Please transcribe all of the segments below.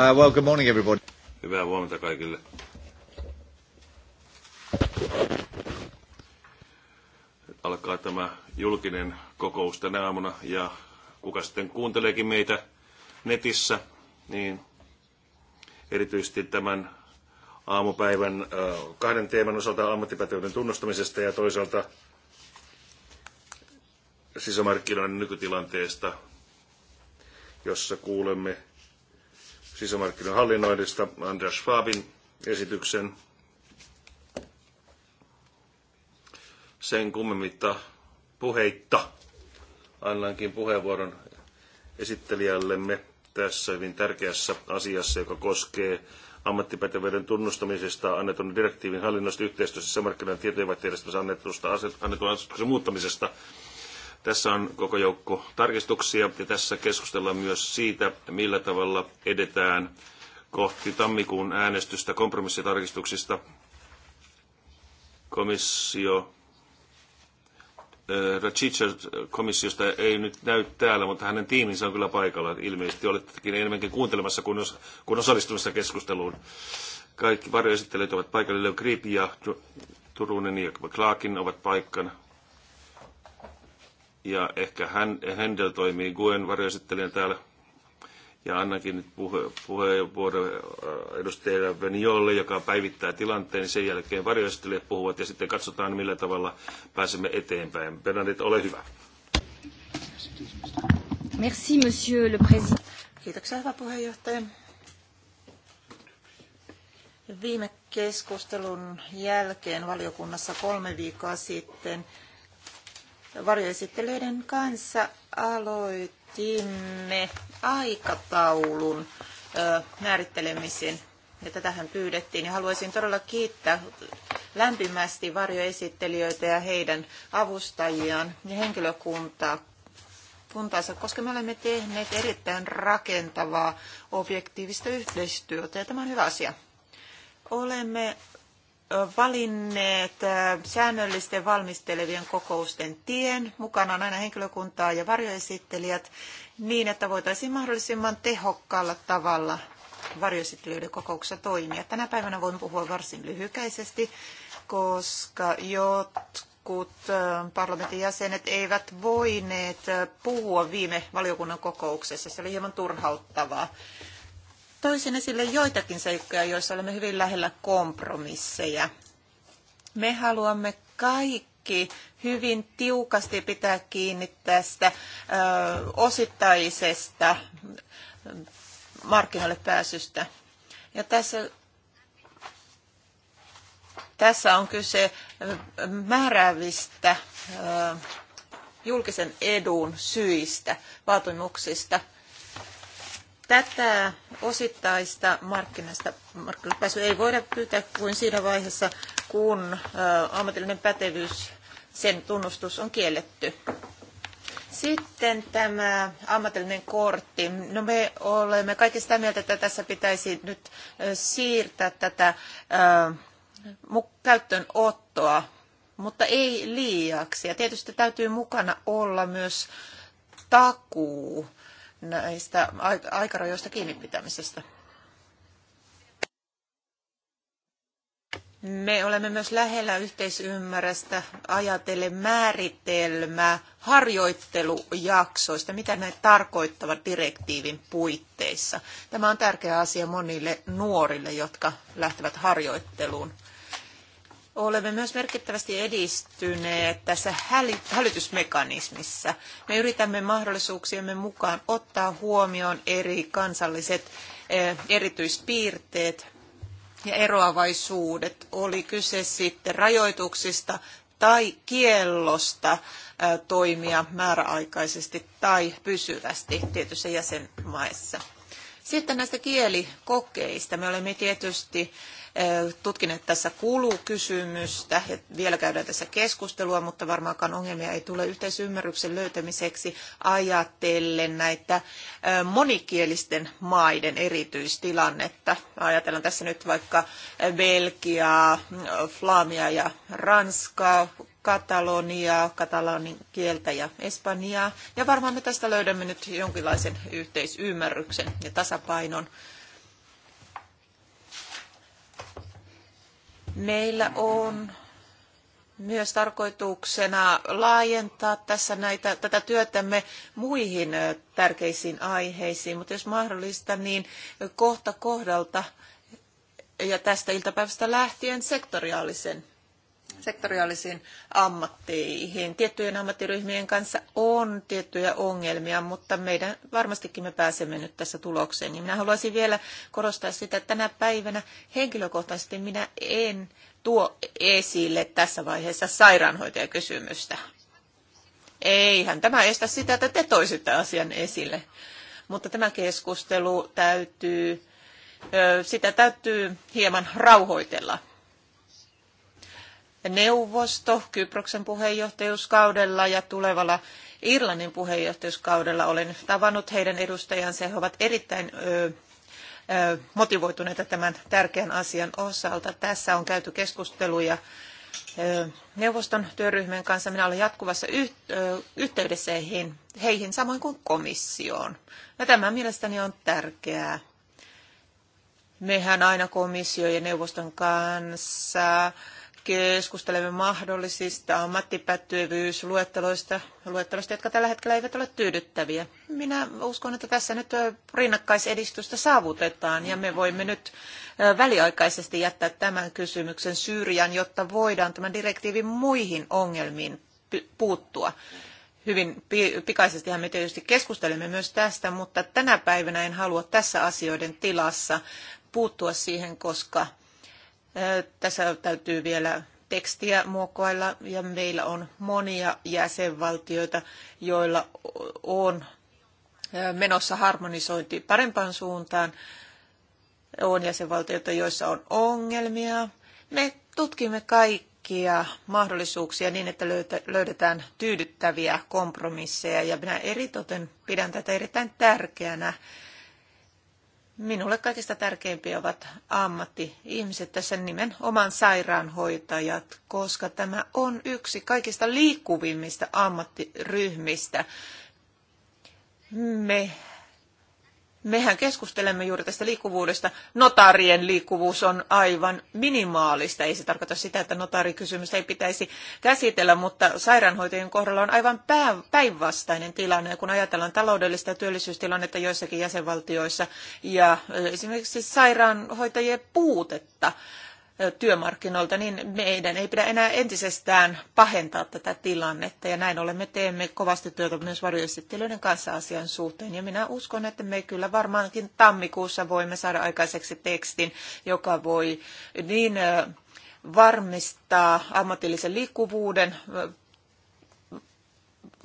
Uh, well, good morning everybody. Hyvää huomenta kaikille. Alkaa tämä julkinen kokous tänä aamuna ja kuka sitten kuunteleekin meitä netissä, niin erityisesti tämän aamupäivän kahden teeman osalta ammattipätevyyden tunnustamisesta ja toisaalta sisämarkkinoiden nykytilanteesta, jossa kuulemme sisämarkkinoiden hallinnoinnista Andreas Schwabin esityksen. Sen kummemmitta puheitta annankin puheenvuoron esittelijällemme tässä hyvin tärkeässä asiassa, joka koskee ammattipätevyyden tunnustamisesta annetun direktiivin hallinnosta yhteistyössä sisämarkkinoiden tietojenvaihtojärjestelmässä annetusta annetun asetuksen muuttamisesta. Tässä on koko joukko tarkistuksia ja tässä keskustellaan myös siitä, millä tavalla edetään kohti tammikuun äänestystä kompromissitarkistuksista. Komissio äh, Richard-komissiosta ei nyt näy täällä, mutta hänen tiiminsä on kyllä paikalla. Ilmeisesti olettekin enemmänkin kuuntelemassa kuin, os, kuin osallistumassa keskusteluun. Kaikki varjoesittelijät ovat paikalla. Leo Grip ja Turunen ja Clarkin ovat paikkana ja ehkä hän, Händel toimii Guen varjoesittelijän täällä. Ja annankin nyt puhe, puheenvuoron äh, edustajalle Veniolle, joka päivittää tilanteen. sen jälkeen varjoesittelijät puhuvat ja sitten katsotaan, millä tavalla pääsemme eteenpäin. Bernadette, ole hyvä. Merci, monsieur le président. Kiitoksia, hyvä puheenjohtaja. Viime keskustelun jälkeen valiokunnassa kolme viikkoa sitten varjoesittelijöiden kanssa aloitimme aikataulun määrittelemisen. Ja tätähän pyydettiin. Ja haluaisin todella kiittää lämpimästi varjoesittelijöitä ja heidän avustajiaan ja henkilökuntaa kuntaansa, koska me olemme tehneet erittäin rakentavaa objektiivista yhteistyötä ja tämä on hyvä asia. Olemme valinneet äh, säännöllisten valmistelevien kokousten tien. Mukana on aina henkilökuntaa ja varjoesittelijät niin, että voitaisiin mahdollisimman tehokkaalla tavalla varjoesittelijöiden kokouksessa toimia. Tänä päivänä voin puhua varsin lyhykäisesti, koska jotkut äh, parlamentin jäsenet eivät voineet äh, puhua viime valiokunnan kokouksessa. Se oli hieman turhauttavaa toisin esille joitakin seikkoja, joissa olemme hyvin lähellä kompromisseja. Me haluamme kaikki hyvin tiukasti pitää kiinni tästä ö, osittaisesta markkinoille pääsystä. Ja tässä, tässä on kyse määräävistä julkisen edun syistä, vaatimuksista – tätä osittaista markkinasta, markkinoille ei voida pyytää kuin siinä vaiheessa, kun ammatillinen pätevyys, sen tunnustus on kielletty. Sitten tämä ammatillinen kortti. No me olemme kaikki sitä mieltä, että tässä pitäisi nyt siirtää tätä käyttöönottoa, mutta ei liiaksi. Ja tietysti täytyy mukana olla myös takuu näistä aikarajoista kiinni pitämisestä. Me olemme myös lähellä yhteisymmärrästä ajatellen määritelmää harjoittelujaksoista, mitä ne tarkoittavat direktiivin puitteissa. Tämä on tärkeä asia monille nuorille, jotka lähtevät harjoitteluun olemme myös merkittävästi edistyneet tässä hälytysmekanismissa. Me yritämme mahdollisuuksiemme mukaan ottaa huomioon eri kansalliset eh, erityispiirteet ja eroavaisuudet. Oli kyse sitten rajoituksista tai kiellosta eh, toimia määräaikaisesti tai pysyvästi tietyissä jäsenmaissa. Sitten näistä kielikokeista. Me olemme tietysti tutkineet tässä kulukysymystä ja vielä käydään tässä keskustelua, mutta varmaankaan ongelmia ei tule yhteisymmärryksen löytämiseksi ajatellen näitä monikielisten maiden erityistilannetta. Ajatellaan tässä nyt vaikka Belgiaa, Flamia ja Ranskaa, Kataloniaa, katalonin kieltä ja Espanjaa. Ja varmaan me tästä löydämme nyt jonkinlaisen yhteisymmärryksen ja tasapainon Meillä on myös tarkoituksena laajentaa tässä näitä, tätä työtämme muihin tärkeisiin aiheisiin, mutta jos mahdollista, niin kohta kohdalta ja tästä iltapäivästä lähtien sektoriaalisen sektoriaalisiin ammatteihin. Tiettyjen ammattiryhmien kanssa on tiettyjä ongelmia, mutta meidän varmastikin me pääsemme nyt tässä tulokseen. Ja niin minä haluaisin vielä korostaa sitä, että tänä päivänä henkilökohtaisesti minä en tuo esille tässä vaiheessa sairaanhoitajakysymystä. Eihän tämä estä sitä, että te toisitte asian esille. Mutta tämä keskustelu täytyy, sitä täytyy hieman rauhoitella neuvosto Kyproksen puheenjohtajuuskaudella ja tulevalla Irlannin puheenjohtajuuskaudella. Olen tavannut heidän edustajansa he ovat erittäin ö, ö, motivoituneita tämän tärkeän asian osalta. Tässä on käyty keskusteluja neuvoston työryhmän kanssa. Minä olen jatkuvassa yhteydessä heihin, heihin samoin kuin komissioon. Ja tämä mielestäni on tärkeää. Mehän aina komissio ja neuvoston kanssa keskustelemme mahdollisista ammattipätyvyysluetteloista, luetteloista, jotka tällä hetkellä eivät ole tyydyttäviä. Minä uskon, että tässä nyt rinnakkaisedistystä saavutetaan ja me voimme nyt väliaikaisesti jättää tämän kysymyksen syrjään, jotta voidaan tämän direktiivin muihin ongelmiin puuttua hyvin pikaisestihan me tietysti keskustelemme myös tästä, mutta tänä päivänä en halua tässä asioiden tilassa puuttua siihen, koska tässä täytyy vielä tekstiä muokkailla ja meillä on monia jäsenvaltioita, joilla on menossa harmonisointi parempaan suuntaan. On jäsenvaltioita, joissa on ongelmia. Me tutkimme kaikkia mahdollisuuksia niin, että löydetään tyydyttäviä kompromisseja ja minä eritoten pidän tätä erittäin tärkeänä Minulle kaikista tärkeimpiä ovat ammatti-ihmiset, tässä nimenomaan sairaanhoitajat, koska tämä on yksi kaikista liikkuvimmista ammattiryhmistä. Me Mehän keskustelemme juuri tästä liikkuvuudesta. Notaarien liikkuvuus on aivan minimaalista. Ei se tarkoita sitä, että notaarikysymys ei pitäisi käsitellä, mutta sairaanhoitajien kohdalla on aivan päinvastainen tilanne. Kun ajatellaan taloudellista ja työllisyystilannetta joissakin jäsenvaltioissa ja esimerkiksi sairaanhoitajien puutetta, työmarkkinoilta, niin meidän ei pidä enää entisestään pahentaa tätä tilannetta. Ja näin ollen me teemme kovasti työtä myös varjoesittelyiden kanssa asian suhteen. Ja minä uskon, että me kyllä varmaankin tammikuussa voimme saada aikaiseksi tekstin, joka voi niin varmistaa ammatillisen liikkuvuuden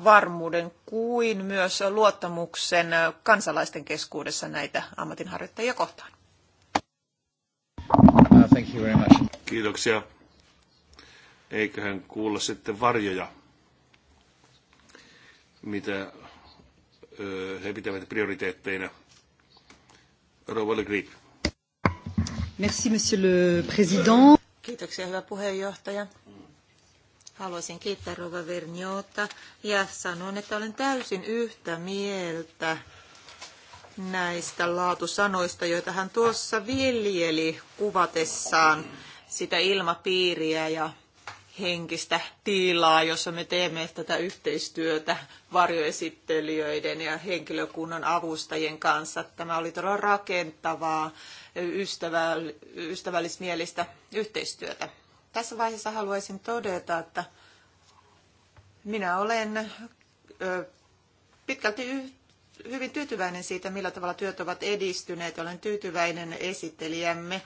varmuuden kuin myös luottamuksen kansalaisten keskuudessa näitä ammatinharjoittajia kohtaan you very much. Kiitoksia. Eiköhän kuulla sitten varjoja, mitä he pitävät prioriteetteina. Rouva Le Grip. Merci, monsieur le président. Kiitoksia, hyvä puheenjohtaja. Haluaisin kiittää Rova Verniota ja sanon, että olen täysin yhtä mieltä näistä laatusanoista, joita hän tuossa viljeli kuvatessaan sitä ilmapiiriä ja henkistä tilaa, jossa me teemme tätä yhteistyötä varjoesittelijöiden ja henkilökunnan avustajien kanssa. Tämä oli todella rakentavaa, ystävällismielistä yhteistyötä. Tässä vaiheessa haluaisin todeta, että minä olen pitkälti hyvin tyytyväinen siitä, millä tavalla työt ovat edistyneet. Olen tyytyväinen esittelijämme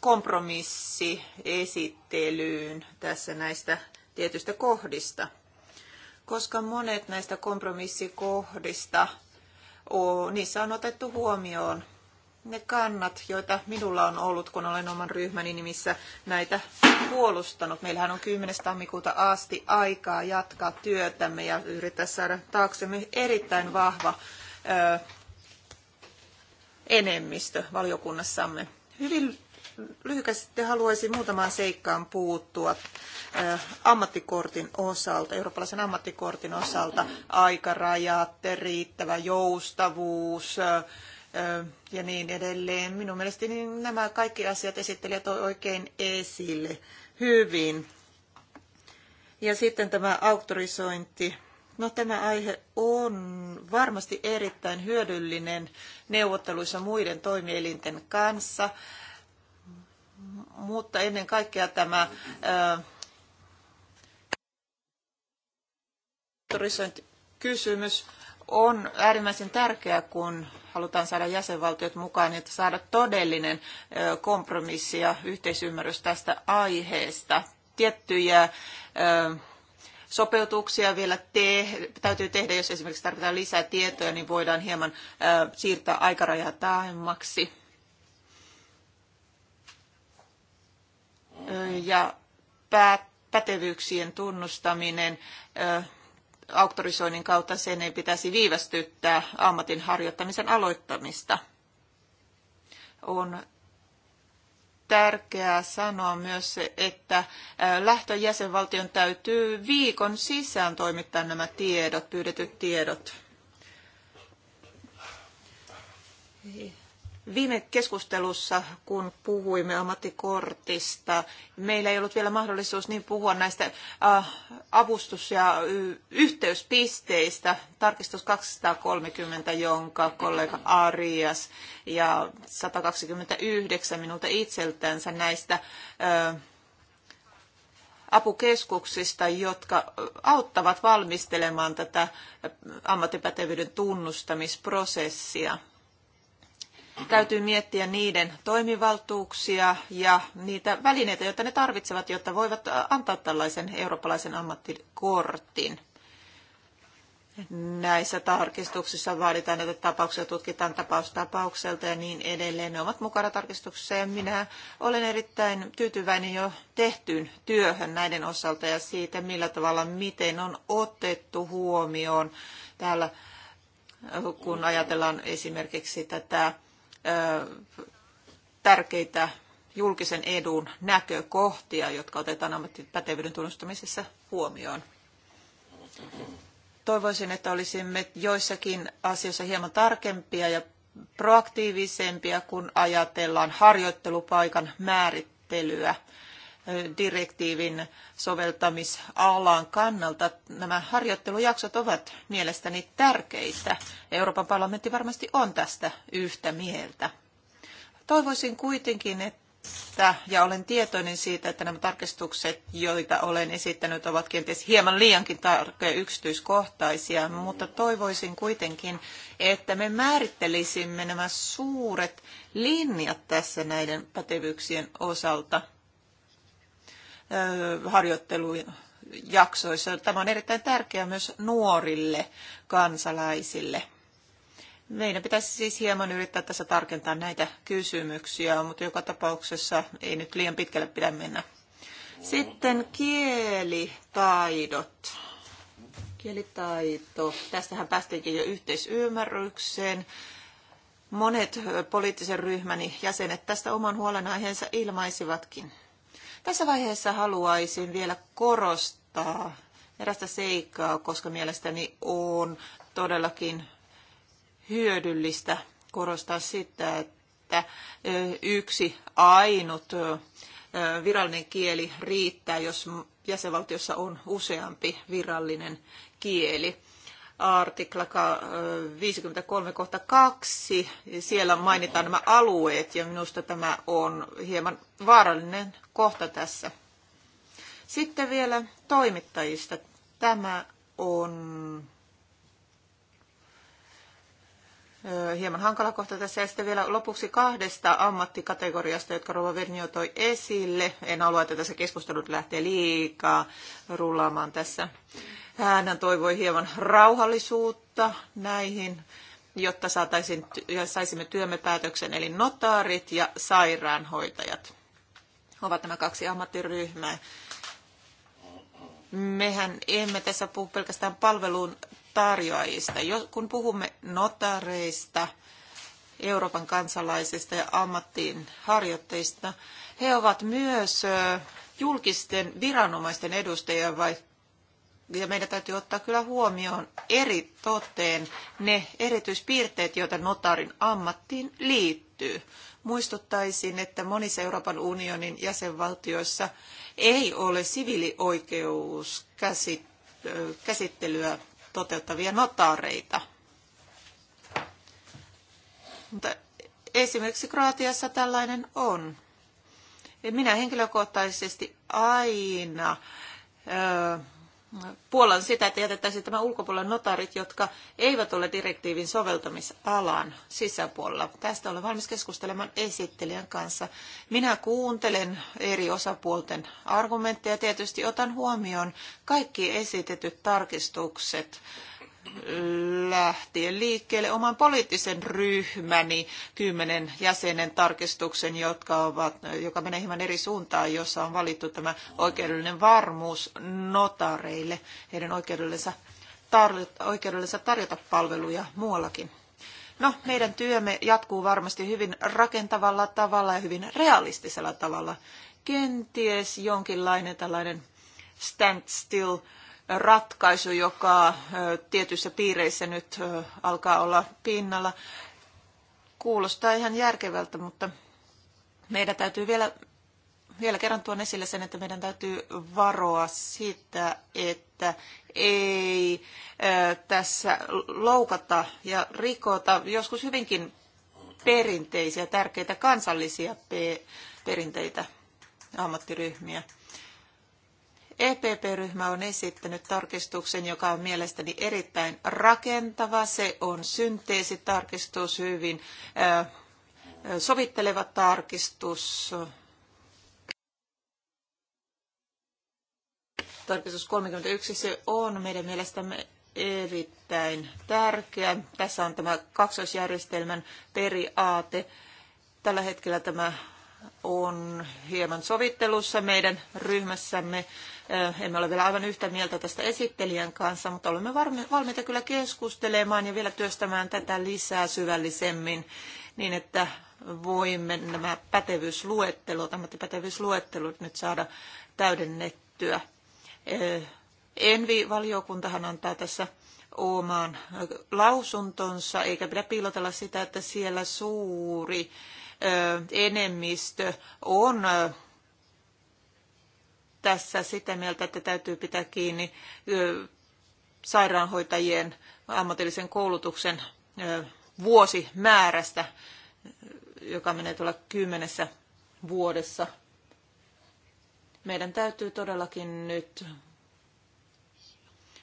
kompromissi esittelyyn tässä näistä tietystä kohdista, koska monet näistä kompromissikohdista, niissä on otettu huomioon ne kannat, joita minulla on ollut, kun olen oman ryhmäni nimissä näitä puolustanut. Meillähän on 10. tammikuuta asti aikaa jatkaa työtämme ja yrittää saada taaksemme erittäin vahva ö, enemmistö valiokunnassamme. Hyvin lyhykästi haluaisin muutamaan seikkaan puuttua ammattikortin osalta, eurooppalaisen ammattikortin osalta, aikarajat, riittävä joustavuus, ja niin edelleen. Minun mielestäni nämä kaikki asiat esittelijä toi oikein esille hyvin. Ja sitten tämä auktorisointi. No tämä aihe on varmasti erittäin hyödyllinen neuvotteluissa muiden toimielinten kanssa, mutta ennen kaikkea tämä autorisointikysymys. Äh, on äärimmäisen tärkeää, kun halutaan saada jäsenvaltiot mukaan, niin että saada todellinen kompromissi ja yhteisymmärrys tästä aiheesta. Tiettyjä sopeutuksia vielä te- täytyy tehdä, jos esimerkiksi tarvitaan lisää tietoja, niin voidaan hieman siirtää aikarajaa taaemmaksi. Ja pätevyyksien tunnustaminen auktorisoinnin kautta sen ei pitäisi viivästyttää ammatin harjoittamisen aloittamista. On tärkeää sanoa myös se, että lähtöjäsenvaltion täytyy viikon sisään toimittaa nämä tiedot, pyydetyt tiedot. Viime keskustelussa, kun puhuimme ammattikortista, meillä ei ollut vielä mahdollisuus niin puhua näistä äh, avustus- ja yhteyspisteistä. Tarkistus 230, jonka kollega Arias ja 129 minulta itseltänsä näistä äh, apukeskuksista, jotka auttavat valmistelemaan tätä ammattipätevyyden tunnustamisprosessia täytyy miettiä niiden toimivaltuuksia ja niitä välineitä, joita ne tarvitsevat, jotta voivat antaa tällaisen eurooppalaisen ammattikortin. Näissä tarkistuksissa vaaditaan, että tapauksia tutkitaan tapaukselta ja niin edelleen. Ne ovat mukana tarkistuksessa ja minä olen erittäin tyytyväinen jo tehtyyn työhön näiden osalta ja siitä, millä tavalla, miten on otettu huomioon täällä, kun ajatellaan esimerkiksi tätä tärkeitä julkisen edun näkökohtia, jotka otetaan ammattipätevyyden tunnustamisessa huomioon. Toivoisin, että olisimme joissakin asioissa hieman tarkempia ja proaktiivisempia, kun ajatellaan harjoittelupaikan määrittelyä direktiivin soveltamisalan kannalta nämä harjoittelujaksot ovat mielestäni tärkeitä. Euroopan parlamentti varmasti on tästä yhtä mieltä. Toivoisin kuitenkin, että, ja olen tietoinen siitä, että nämä tarkistukset, joita olen esittänyt, ovat kenties hieman liiankin tarkkoja yksityiskohtaisia, mutta toivoisin kuitenkin, että me määrittelisimme nämä suuret linjat tässä näiden pätevyyksien osalta – harjoittelujaksoissa. Tämä on erittäin tärkeää myös nuorille kansalaisille. Meidän pitäisi siis hieman yrittää tässä tarkentaa näitä kysymyksiä, mutta joka tapauksessa ei nyt liian pitkälle pidä mennä. Sitten kielitaidot. Kielitaito. Tästähän päästiinkin jo yhteisymmärrykseen. Monet poliittisen ryhmäni jäsenet tästä oman huolenaiheensa ilmaisivatkin. Tässä vaiheessa haluaisin vielä korostaa erästä seikkaa, koska mielestäni on todellakin hyödyllistä korostaa sitä, että yksi ainut virallinen kieli riittää, jos jäsenvaltiossa on useampi virallinen kieli artikla 53 kohta 2. Siellä mainitaan nämä alueet ja minusta tämä on hieman vaarallinen kohta tässä. Sitten vielä toimittajista. Tämä on hieman hankala kohta tässä. Ja sitten vielä lopuksi kahdesta ammattikategoriasta, jotka Rova Vernio toi esille. En halua, että tässä keskustelut lähtee liikaa rullaamaan tässä. Hän toivoi hieman rauhallisuutta näihin, jotta saataisiin, saisimme työmme päätöksen, eli notaarit ja sairaanhoitajat ovat nämä kaksi ammattiryhmää. Mehän emme tässä puhu pelkästään palvelun tarjoajista. Kun puhumme notareista, Euroopan kansalaisista ja ammattiin harjoitteista, he ovat myös julkisten viranomaisten edustajia, vai ja meidän täytyy ottaa kyllä huomioon eri toteen ne erityispiirteet, joita notarin ammattiin liittyy. Muistuttaisin, että monissa Euroopan unionin jäsenvaltioissa ei ole siviilioikeuskäsittelyä toteuttavia notaareita. Mutta esimerkiksi Kroatiassa tällainen on. Minä henkilökohtaisesti aina puolan sitä, että jätettäisiin tämä ulkopuolella notarit, jotka eivät ole direktiivin soveltamisalan sisäpuolella. Tästä olen valmis keskustelemaan esittelijän kanssa. Minä kuuntelen eri osapuolten argumentteja. Tietysti otan huomioon kaikki esitetyt tarkistukset lähtien liikkeelle oman poliittisen ryhmäni kymmenen jäsenen tarkistuksen, jotka ovat, joka menee hieman eri suuntaan, jossa on valittu tämä oikeudellinen varmuus notareille, heidän oikeudellensa, tarjota, oikeudellensa tarjota palveluja muuallakin. No, meidän työmme jatkuu varmasti hyvin rakentavalla tavalla ja hyvin realistisella tavalla. Kenties jonkinlainen tällainen standstill still ratkaisu, joka tietyissä piireissä nyt alkaa olla pinnalla, kuulostaa ihan järkevältä, mutta meidän täytyy vielä, vielä kerran tuon esille sen, että meidän täytyy varoa sitä, että ei tässä loukata ja rikota joskus hyvinkin perinteisiä, tärkeitä kansallisia perinteitä ammattiryhmiä. EPP-ryhmä on esittänyt tarkistuksen, joka on mielestäni erittäin rakentava. Se on synteesitarkistus, hyvin sovitteleva tarkistus. Tarkistus 31, se on meidän mielestämme erittäin tärkeä. Tässä on tämä kaksoisjärjestelmän periaate. Tällä hetkellä tämä on hieman sovittelussa meidän ryhmässämme emme ole vielä aivan yhtä mieltä tästä esittelijän kanssa, mutta olemme valmiita kyllä keskustelemaan ja vielä työstämään tätä lisää syvällisemmin niin, että voimme nämä pätevyysluettelut, ammattipätevyysluettelut nyt saada täydennettyä. Envi-valiokuntahan antaa tässä omaan lausuntonsa, eikä pidä piilotella sitä, että siellä suuri enemmistö on tässä sitä mieltä, että täytyy pitää kiinni sairaanhoitajien ammatillisen koulutuksen vuosimäärästä, joka menee tuolla kymmenessä vuodessa. Meidän täytyy todellakin nyt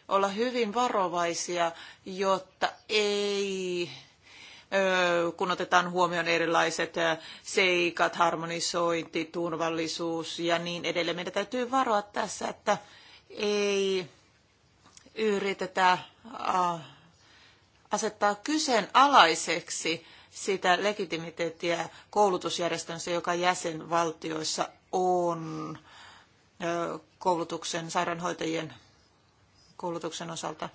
olla hyvin varovaisia, jotta ei kun otetaan huomioon erilaiset seikat, harmonisointi, turvallisuus ja niin edelleen. Meidän täytyy varoa tässä, että ei yritetä asettaa kyseenalaiseksi sitä legitimiteettiä koulutusjärjestönsä, joka jäsenvaltioissa on koulutuksen, sairaanhoitajien koulutuksen osalta.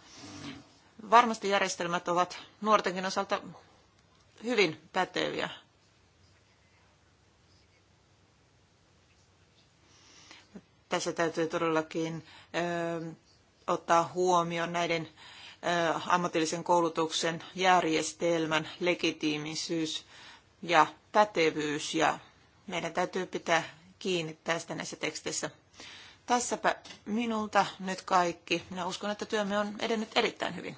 Varmasti järjestelmät ovat nuortenkin osalta hyvin päteviä. Tässä täytyy todellakin ö, ottaa huomioon näiden ö, ammatillisen koulutuksen järjestelmän legitiimisyys ja pätevyys ja meidän täytyy pitää kiinni tästä näissä teksteissä. Tässäpä minulta nyt kaikki. Minä uskon, että työmme on edennyt erittäin hyvin.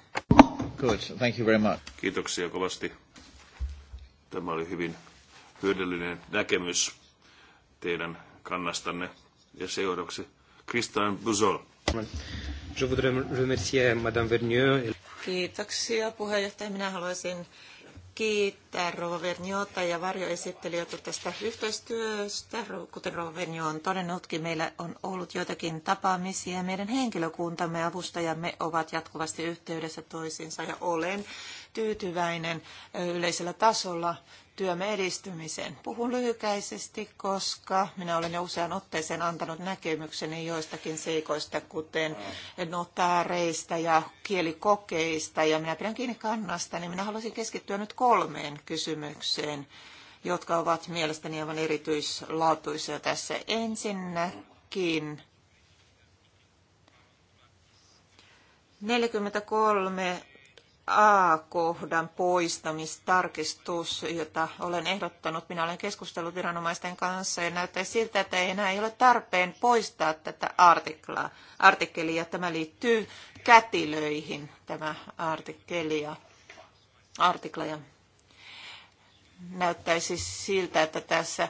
Good. Thank you very much. Kiitoksia kovasti. Tämä oli hyvin hyödyllinen näkemys teidän kannastanne ja seuraavaksi Christian Buzol. Je voudrais remercier Madame Vernier. Kiitoksia puheenjohtaja. Minä haluaisin kiittää Rova Verniota ja varjoesittelijöitä tästä yhteistyöstä. Kuten Rova Vernio on todennutkin, meillä on ollut joitakin tapaamisia. Meidän henkilökuntamme ja avustajamme ovat jatkuvasti yhteydessä toisiinsa ja olen tyytyväinen yleisellä tasolla työmme edistymiseen. Puhun lyhykäisesti, koska minä olen jo usean otteeseen antanut näkemykseni joistakin seikoista, kuten notaareista ja kielikokeista, ja minä pidän kiinni kannasta, niin minä haluaisin keskittyä nyt kolmeen kysymykseen, jotka ovat mielestäni aivan erityislaatuisia tässä. Ensinnäkin 43 A-kohdan poistamistarkistus, jota olen ehdottanut. Minä olen keskustellut viranomaisten kanssa ja näyttää siltä, että ei enää ole tarpeen poistaa tätä artiklaa, artikkelia. Tämä liittyy kätilöihin, tämä artikkeli ja artikla. Ja näyttäisi siltä, että tässä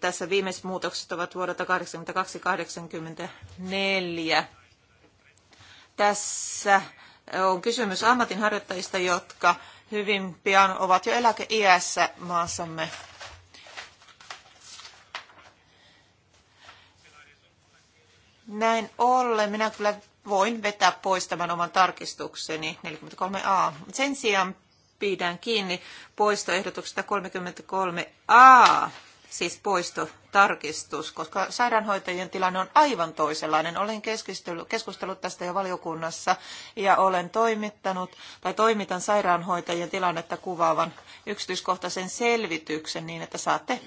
tässä viimeiset muutokset ovat vuodelta 1982-1984 tässä on kysymys ammatinharjoittajista, jotka hyvin pian ovat jo eläkeiässä maassamme. Näin ollen minä kyllä voin vetää pois tämän oman tarkistukseni 43a. Sen sijaan pidän kiinni poistoehdotuksesta 33a siis poistotarkistus, koska sairaanhoitajien tilanne on aivan toisenlainen. Olen keskustellut tästä jo valiokunnassa ja olen toimittanut tai toimitan sairaanhoitajien tilannetta kuvaavan yksityiskohtaisen selvityksen niin, että saatte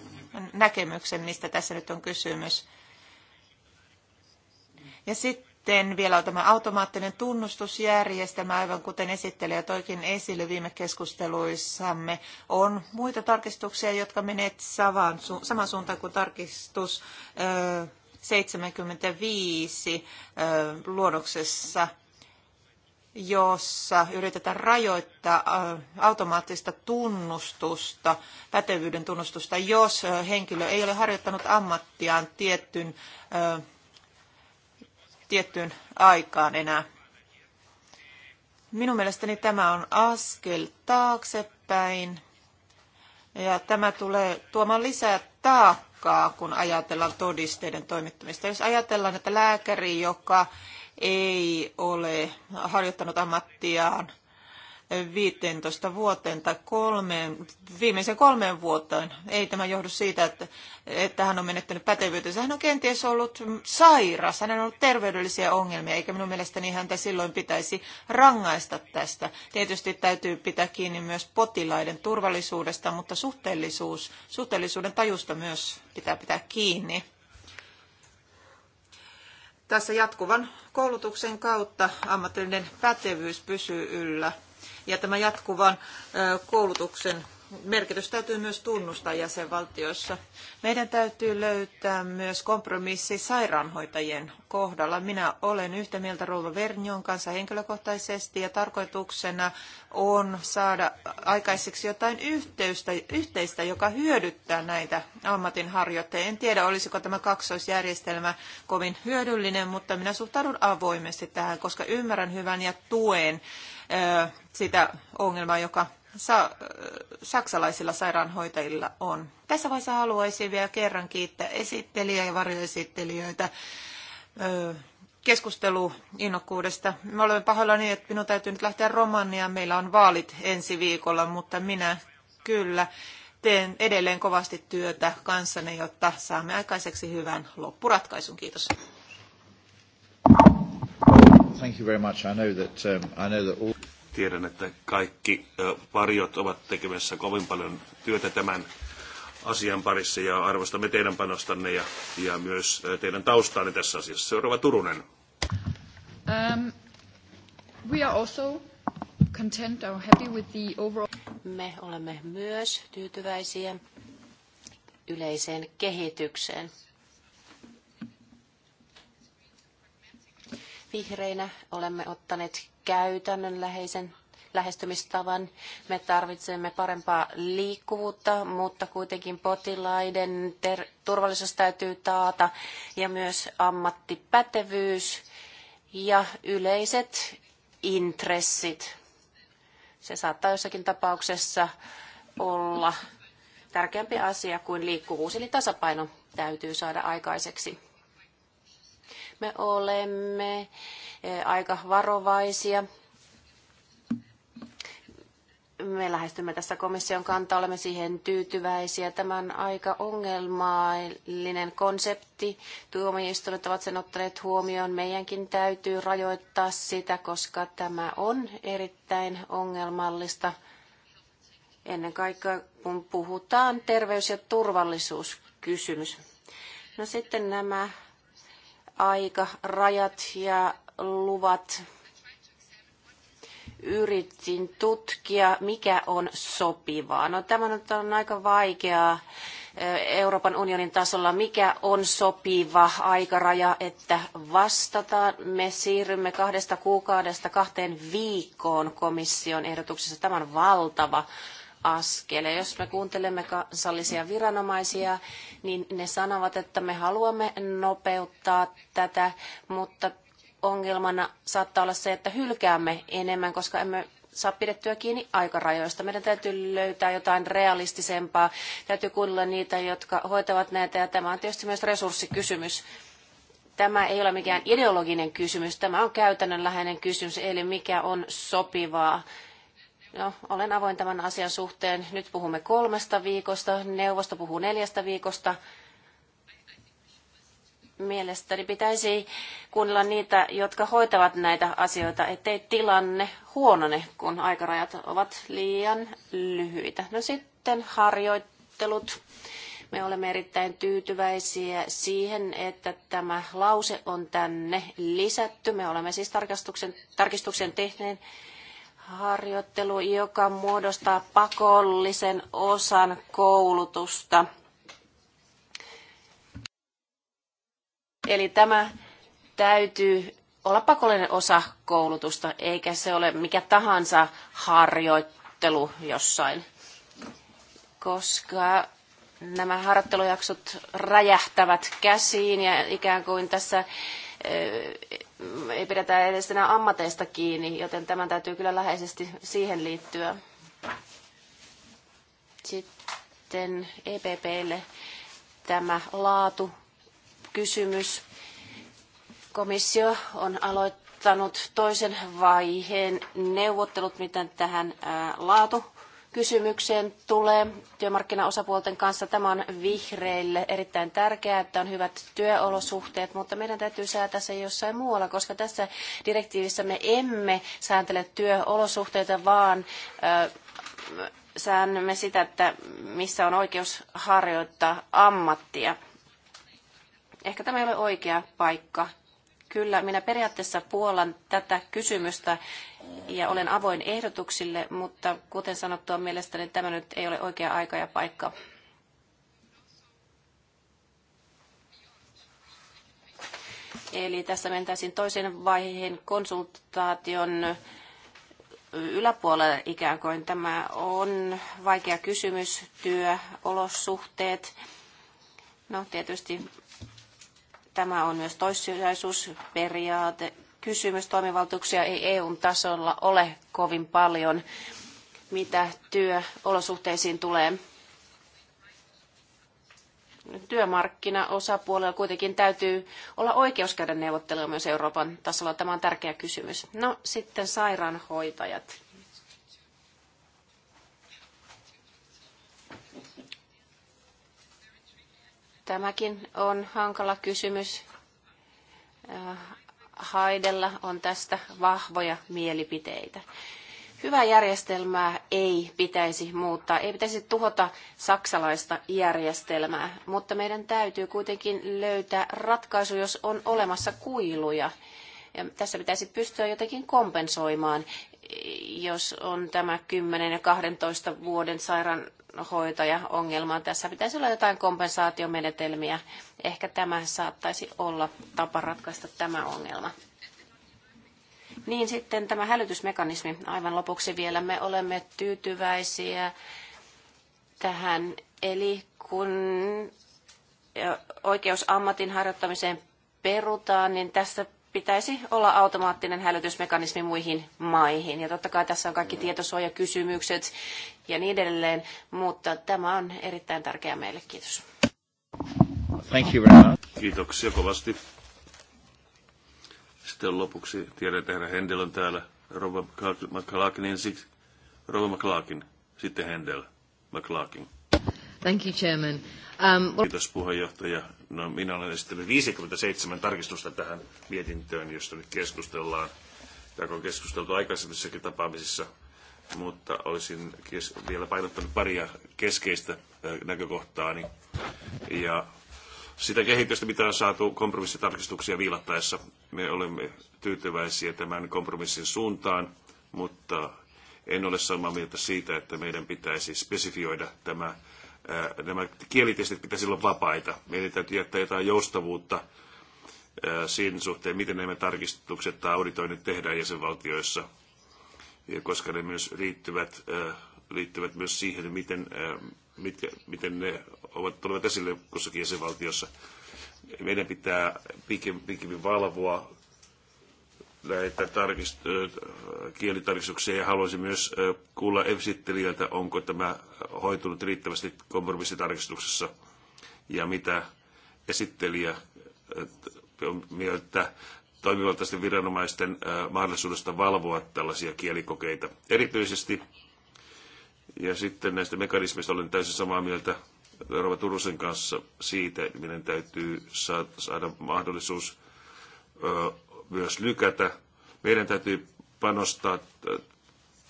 näkemyksen, mistä tässä nyt on kysymys. Ja sitten sitten vielä on tämä automaattinen tunnustusjärjestelmä, aivan kuten esittelijä toikin esille viime keskusteluissamme. On muita tarkistuksia, jotka menet saman suuntaan kuin tarkistus 75 luonnoksessa jossa yritetään rajoittaa automaattista tunnustusta, pätevyyden tunnustusta, jos henkilö ei ole harjoittanut ammattiaan tiettyn tiettyyn aikaan enää. Minun mielestäni tämä on askel taaksepäin ja tämä tulee tuomaan lisää taakkaa, kun ajatellaan todisteiden toimittamista. Jos ajatellaan, että lääkäri, joka ei ole harjoittanut ammattiaan 15 vuoteen tai kolmeen, viimeiseen kolmeen vuoteen. Ei tämä johdu siitä, että, että hän on menettänyt pätevyytensä. Hän on kenties ollut sairas, hän on ollut terveydellisiä ongelmia, eikä minun mielestäni häntä silloin pitäisi rangaista tästä. Tietysti täytyy pitää kiinni myös potilaiden turvallisuudesta, mutta suhteellisuus, suhteellisuuden tajusta myös pitää pitää kiinni tässä jatkuvan koulutuksen kautta ammatillinen pätevyys pysyy yllä. Ja tämä jatkuvan koulutuksen merkitys täytyy myös tunnustaa jäsenvaltioissa. Meidän täytyy löytää myös kompromissi sairaanhoitajien kohdalla. Minä olen yhtä mieltä Rouva Vernion kanssa henkilökohtaisesti ja tarkoituksena on saada aikaiseksi jotain yhteystä, yhteistä, joka hyödyttää näitä ammatinharjoittajia. En tiedä, olisiko tämä kaksoisjärjestelmä kovin hyödyllinen, mutta minä suhtaudun avoimesti tähän, koska ymmärrän hyvän ja tuen sitä ongelmaa, joka sa- saksalaisilla sairaanhoitajilla on. Tässä vaiheessa haluaisin vielä kerran kiittää esittelijä ja varjoesittelijöitä keskusteluinnokkuudesta. Me olemme pahoilla niin, että minun täytyy nyt lähteä Romaniaan. Meillä on vaalit ensi viikolla, mutta minä kyllä teen edelleen kovasti työtä kanssanne, jotta saamme aikaiseksi hyvän loppuratkaisun. Kiitos. Thank you very much. I know that, um, I know that all... Tiedän, että kaikki varjot ovat tekemässä kovin paljon työtä tämän asian parissa ja arvostamme teidän panostanne ja, ja myös teidän taustanne tässä asiassa. Seuraava Turunen. Um, we are also content or happy with the overall... Me olemme myös tyytyväisiä yleiseen kehitykseen. Vihreinä olemme ottaneet käytännönläheisen lähestymistavan. Me tarvitsemme parempaa liikkuvuutta, mutta kuitenkin potilaiden ter- turvallisuus täytyy taata ja myös ammattipätevyys ja yleiset intressit. Se saattaa jossakin tapauksessa olla tärkeämpi asia kuin liikkuvuus, eli tasapaino täytyy saada aikaiseksi. Me olemme e, aika varovaisia. Me lähestymme tässä komission kantaa, olemme siihen tyytyväisiä. Tämä on aika ongelmallinen konsepti. Tuomioistuimet ovat sen ottaneet huomioon. Meidänkin täytyy rajoittaa sitä, koska tämä on erittäin ongelmallista ennen kaikkea kun puhutaan terveys- ja turvallisuuskysymys. No sitten nämä aika, rajat ja luvat. Yritin tutkia, mikä on sopivaa. No tämä nyt on aika vaikeaa eh, Euroopan unionin tasolla, mikä on sopiva aikaraja, että vastataan. Me siirrymme kahdesta kuukaudesta kahteen viikkoon komission ehdotuksessa. Tämä on valtava askel. Ja jos me kuuntelemme kansallisia viranomaisia, niin ne sanovat, että me haluamme nopeuttaa tätä, mutta ongelmana saattaa olla se, että hylkäämme enemmän, koska emme saa pidettyä kiinni aikarajoista. Meidän täytyy löytää jotain realistisempaa. Täytyy kuunnella niitä, jotka hoitavat näitä, ja tämä on tietysti myös resurssikysymys. Tämä ei ole mikään ideologinen kysymys, tämä on käytännönläheinen kysymys, eli mikä on sopivaa No, olen avoin tämän asian suhteen. Nyt puhumme kolmesta viikosta, neuvosto puhuu neljästä viikosta. Mielestäni pitäisi kuunnella niitä, jotka hoitavat näitä asioita, ettei tilanne huonone, kun aikarajat ovat liian lyhyitä. No sitten harjoittelut. Me olemme erittäin tyytyväisiä siihen, että tämä lause on tänne lisätty. Me olemme siis tarkistuksen, tarkistuksen tehneet harjoittelu, joka muodostaa pakollisen osan koulutusta. Eli tämä täytyy olla pakollinen osa koulutusta, eikä se ole mikä tahansa harjoittelu jossain, koska nämä harjoittelujaksot räjähtävät käsiin ja ikään kuin tässä ei pidetä edes enää ammateista kiinni, joten tämän täytyy kyllä läheisesti siihen liittyä. Sitten EPPlle tämä laatu kysymys. Komissio on aloittanut toisen vaiheen neuvottelut, miten tähän laatu kysymykseen tulee työmarkkinaosapuolten kanssa. Tämä on vihreille erittäin tärkeää, että on hyvät työolosuhteet, mutta meidän täytyy säätää se jossain muualla, koska tässä direktiivissä me emme sääntele työolosuhteita, vaan säännämme sitä, että missä on oikeus harjoittaa ammattia. Ehkä tämä ei ole oikea paikka. Kyllä, minä periaatteessa puolan tätä kysymystä ja olen avoin ehdotuksille, mutta kuten sanottua, mielestäni tämä nyt ei ole oikea aika ja paikka. Eli tässä mentäisiin toisen vaiheen konsultaation yläpuolelle ikään kuin. Tämä on vaikea kysymys, työ, olosuhteet. No tietysti tämä on myös toissijaisuusperiaate kysymys. Toimivaltuuksia ei EUn tasolla ole kovin paljon, mitä työolosuhteisiin tulee. Työmarkkinaosapuolella kuitenkin täytyy olla oikeus käydä neuvottelua myös Euroopan tasolla. Tämä on tärkeä kysymys. No sitten sairaanhoitajat. Tämäkin on hankala kysymys. Äh, Haidella on tästä vahvoja mielipiteitä. Hyvää järjestelmää ei pitäisi muuttaa, ei pitäisi tuhota saksalaista järjestelmää, mutta meidän täytyy kuitenkin löytää ratkaisu, jos on olemassa kuiluja. Ja tässä pitäisi pystyä jotenkin kompensoimaan, jos on tämä 10 ja 12 vuoden hoitaja ongelma. Tässä pitäisi olla jotain kompensaatiomenetelmiä. Ehkä tämä saattaisi olla tapa ratkaista tämä ongelma. Niin sitten tämä hälytysmekanismi. Aivan lopuksi vielä me olemme tyytyväisiä tähän. Eli kun oikeus ammatin harjoittamiseen perutaan, niin tässä pitäisi olla automaattinen hälytysmekanismi muihin maihin. Ja totta kai tässä on kaikki tietosuojakysymykset ja niin edelleen, mutta tämä on erittäin tärkeää meille. Kiitos. Thank you very much. Kiitoksia kovasti. Sitten lopuksi tiedän, että herra Hendel on täällä. Rova McLaakin ensiksi. Rova McLaakin, sitten Hendel McLaughlin. Thank you, Chairman. Um, Kiitos puheenjohtaja. No, minä olen esittänyt 57 tarkistusta tähän mietintöön, josta nyt keskustellaan. Tämä on keskusteltu aikaisemmissakin tapaamisissa, mutta olisin vielä painottanut paria keskeistä näkökohtaani. Ja sitä kehitystä, mitä on saatu kompromissitarkistuksia viilattaessa, me olemme tyytyväisiä tämän kompromissin suuntaan, mutta en ole samaa mieltä siitä, että meidän pitäisi spesifioida tämä nämä kielitestit pitäisi olla vapaita. Meidän täytyy jättää jotain joustavuutta siinä suhteen, miten nämä tarkistukset tai auditoinnit tehdään jäsenvaltioissa, koska ne myös liittyvät, liittyvät myös siihen, miten, mitkä, miten ne ovat, tulevat esille kussakin jäsenvaltiossa. Meidän pitää pikemmin valvoa näitä tarkist- kielitarkistuksia ja haluaisin myös kuulla esittelijöiltä, onko tämä hoitunut riittävästi kompromissitarkistuksessa ja mitä esittelijä on mieltä toimivaltaisten viranomaisten mahdollisuudesta valvoa tällaisia kielikokeita. Erityisesti ja sitten näistä mekanismeista olen täysin samaa mieltä Rova Turusen kanssa siitä, että meidän täytyy saada mahdollisuus myös lykätä. Meidän täytyy panostaa äh,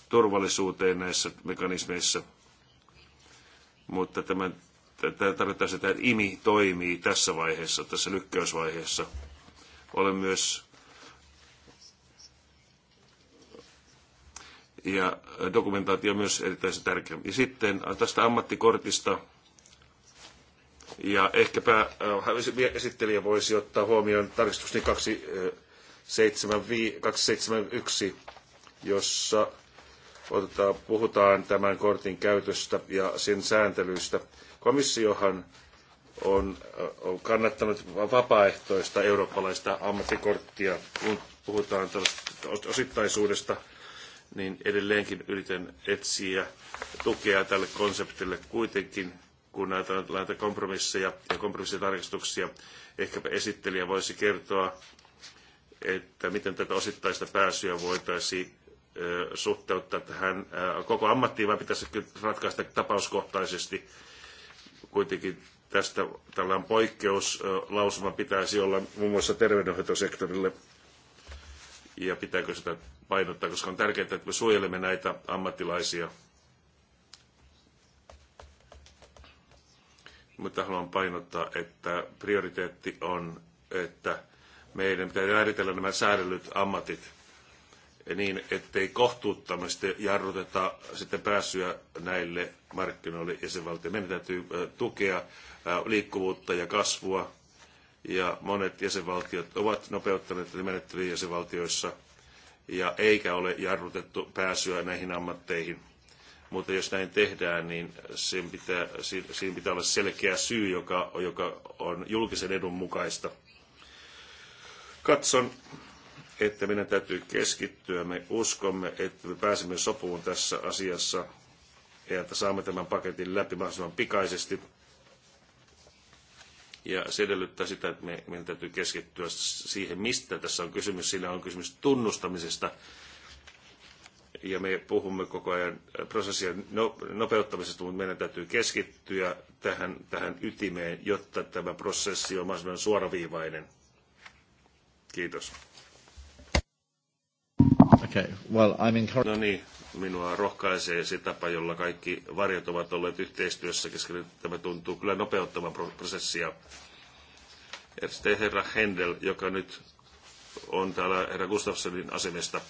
turvallisuuteen näissä mekanismeissa, mutta tämän, tarkoittaa sitä, että IMI toimii tässä vaiheessa, tässä lykkäysvaiheessa. Olen myös ja dokumentaatio myös erittäin tärkeä. Ja sitten äh, tästä ammattikortista, ja ehkäpä äh, esittelijä voisi ottaa huomioon tarkistusni niin kaksi 271, jossa otetaan, puhutaan tämän kortin käytöstä ja sen sääntelyistä. Komissiohan on, äh, on kannattanut vapaaehtoista eurooppalaista ammattikorttia, kun puhutaan osittaisuudesta, niin edelleenkin yritän etsiä tukea tälle konseptille kuitenkin, kun näitä, näitä kompromisseja ja kompromissitarkistuksia ehkäpä esittelijä voisi kertoa että miten tätä osittaista pääsyä voitaisiin suhteuttaa tähän koko ammattiin, vai pitäisi ratkaista tapauskohtaisesti kuitenkin tästä tällainen poikkeuslausuma pitäisi olla muun muassa terveydenhoitosektorille ja pitääkö sitä painottaa, koska on tärkeää, että me suojelemme näitä ammattilaisia. Mutta haluan painottaa, että prioriteetti on, että meidän pitää määritellä nämä säädellyt ammatit niin, ettei kohtuuttomasti jarruteta sitten pääsyä näille markkinoille jäsenvaltioille. Meidän täytyy tukea liikkuvuutta ja kasvua, ja monet jäsenvaltiot ovat nopeuttaneet menettelyjä jäsenvaltioissa, ja eikä ole jarrutettu pääsyä näihin ammatteihin. Mutta jos näin tehdään, niin siinä pitää, siinä pitää olla selkeä syy, joka, joka on julkisen edun mukaista – Katson, että meidän täytyy keskittyä. Me uskomme, että me pääsemme sopuun tässä asiassa ja että saamme tämän paketin läpi mahdollisimman pikaisesti. Ja se edellyttää sitä, että me, meidän täytyy keskittyä siihen, mistä tässä on kysymys. Siinä on kysymys tunnustamisesta. Ja me puhumme koko ajan prosessien no, nopeuttamisesta, mutta meidän täytyy keskittyä tähän, tähän ytimeen, jotta tämä prosessi on mahdollisimman suoraviivainen. Kiitos. Okay, well, I'm encouraged. No niin, minua rohkaisee se tapa, jolla kaikki varjot ovat olleet yhteistyössä kesken. Tämä tuntuu kyllä nopeuttavan prosessia. Sitten herra Hendel, joka nyt on täällä herra Gustafssonin asemesta,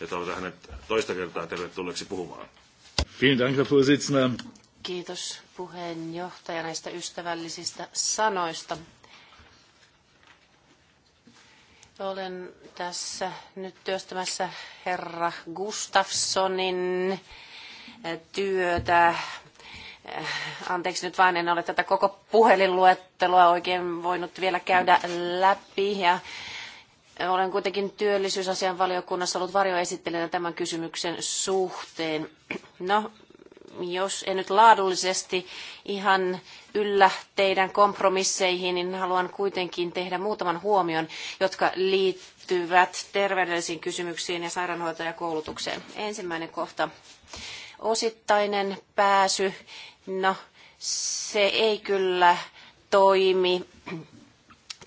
ja toivotan hänet toista kertaa tervetulleeksi puhumaan. Dank, Kiitos puheenjohtaja näistä ystävällisistä sanoista. Olen tässä nyt työstämässä herra Gustafssonin eh, työtä. Eh, anteeksi nyt vain, en ole tätä koko puhelinluettelua oikein voinut vielä käydä läpi. Ja olen kuitenkin työllisyysasian valiokunnassa ollut varjoesittelijänä tämän kysymyksen suhteen. No, jos en nyt laadullisesti ihan yllä teidän kompromisseihin, niin haluan kuitenkin tehdä muutaman huomion, jotka liittyvät terveydellisiin kysymyksiin ja sairaanhoitajakoulutukseen. Ensimmäinen kohta. Osittainen pääsy. No, se ei kyllä toimi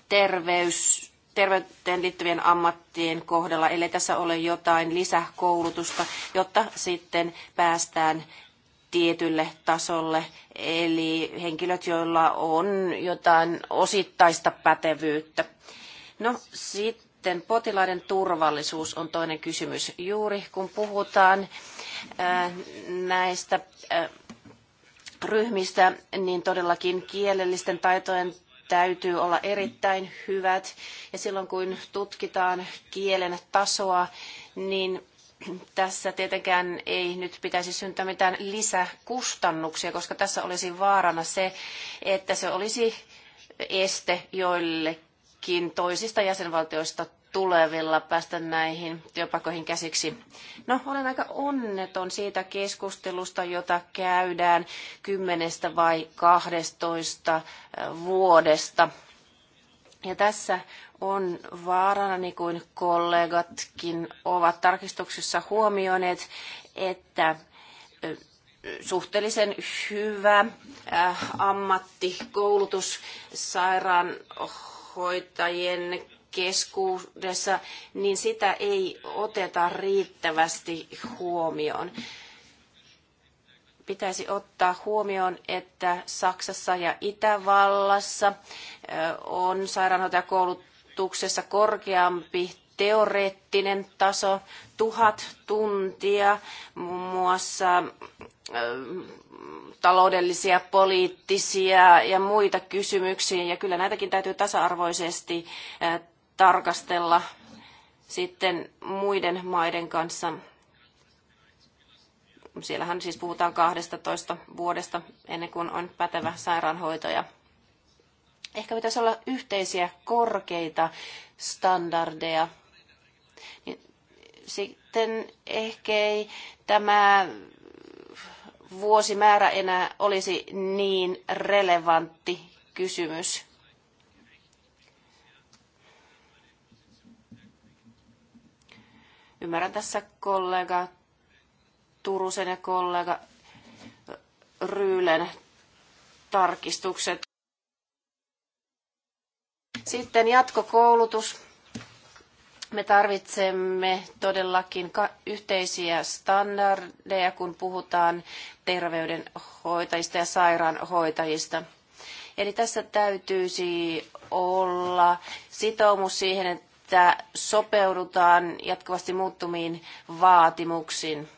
terveys, terveyteen liittyvien ammattien kohdalla, eli tässä ole jotain lisäkoulutusta, jotta sitten päästään tietylle tasolle, eli henkilöt, joilla on jotain osittaista pätevyyttä. No sitten potilaiden turvallisuus on toinen kysymys. Juuri kun puhutaan äh, näistä äh, ryhmistä, niin todellakin kielellisten taitojen täytyy olla erittäin hyvät. Ja silloin kun tutkitaan kielen tasoa, niin tässä tietenkään ei nyt pitäisi syntyä mitään lisäkustannuksia, koska tässä olisi vaarana se, että se olisi este joillekin toisista jäsenvaltioista tulevilla päästä näihin työpaikoihin käsiksi. No, olen aika onneton siitä keskustelusta, jota käydään kymmenestä vai 12 vuodesta. Ja tässä on vaarana, niin kuin kollegatkin ovat tarkistuksessa huomioineet, että suhteellisen hyvä äh, ammattikoulutus sairaanhoitajien keskuudessa, niin sitä ei oteta riittävästi huomioon. Pitäisi ottaa huomioon, että Saksassa ja Itävallassa äh, on sairaanhoitajakoulutus koulutuksessa korkeampi teoreettinen taso, tuhat tuntia, muun muassa taloudellisia, poliittisia ja muita kysymyksiä. Ja kyllä näitäkin täytyy tasa-arvoisesti tarkastella sitten muiden maiden kanssa. Siellähän siis puhutaan 12 vuodesta ennen kuin on pätevä sairaanhoitaja. Ehkä pitäisi olla yhteisiä korkeita standardeja. Niin sitten ehkä ei tämä vuosimäärä enää olisi niin relevantti kysymys. Ymmärrän tässä kollega Turusen ja kollega Ryylen tarkistukset. Sitten jatkokoulutus. Me tarvitsemme todellakin yhteisiä standardeja, kun puhutaan terveydenhoitajista ja sairaanhoitajista. Eli tässä täytyisi olla sitoumus siihen, että sopeudutaan jatkuvasti muuttumiin vaatimuksiin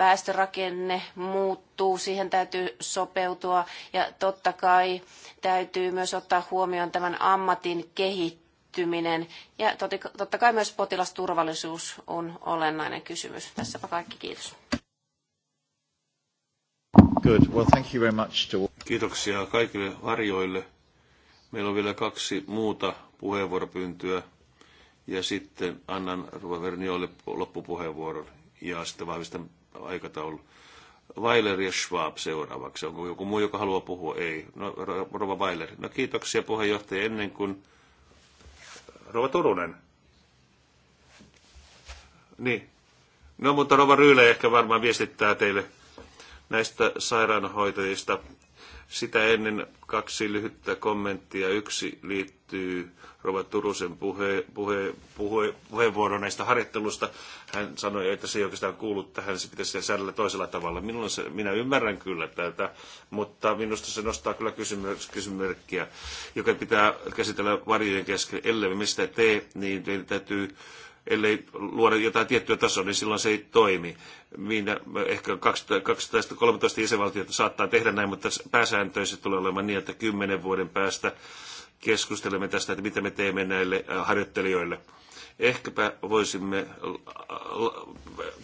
väestörakenne muuttuu, siihen täytyy sopeutua ja totta kai täytyy myös ottaa huomioon tämän ammatin kehittyminen. Ja totta kai myös potilasturvallisuus on olennainen kysymys. Tässäpä kaikki, kiitos. Good. Well, thank you very much to... Kiitoksia kaikille varjoille. Meillä on vielä kaksi muuta puheenvuoropyyntöä ja sitten annan Ruva Verniolle loppupuheenvuoron ja sitten vahvistan aikataulu. Weiler ja Schwab seuraavaksi. Onko joku muu, joka haluaa puhua? Ei. No, Rova Weiler. No kiitoksia puheenjohtaja ennen kuin... Rova Turunen. Niin. No mutta Rova Ryyle ehkä varmaan viestittää teille näistä sairaanhoitajista sitä ennen kaksi lyhyttä kommenttia. Yksi liittyy Rova Turusen puhe, puhe, puhe, puheenvuoroon näistä harjoittelusta. Hän sanoi, että se ei oikeastaan kuulu tähän, se pitäisi säädellä toisella tavalla. Minun se, minä ymmärrän kyllä tätä, mutta minusta se nostaa kyllä kysymyksiä, joka pitää käsitellä varjojen kesken. Ellei me sitä tee, niin täytyy ellei luoda jotain tiettyä tasoa, niin silloin se ei toimi. Minä, ehkä 12-13 jäsenvaltiota saattaa tehdä näin, mutta pääsääntöisesti tulee olemaan niin, että 10 vuoden päästä keskustelemme tästä, että mitä me teemme näille äh, harjoittelijoille. Ehkäpä voisimme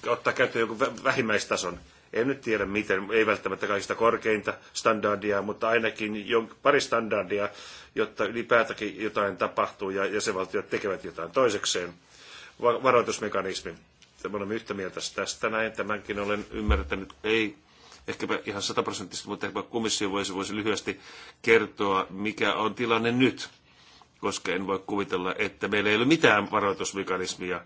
ottaa käyttöön jonkun vähimmäistason. En nyt tiedä miten, ei välttämättä kaikista korkeinta standardia, mutta ainakin pari standardia, jotta ylipäätäkin jotain tapahtuu ja jäsenvaltiot tekevät jotain toisekseen varoitusmekanismi. Me olemme yhtä mieltä tästä näin. Tämänkin olen ymmärtänyt. Ei ehkäpä ihan sataprosenttisesti, mutta ehkä komissio voisi, voisi lyhyesti kertoa, mikä on tilanne nyt, koska en voi kuvitella, että meillä ei ole mitään varoitusmekanismia.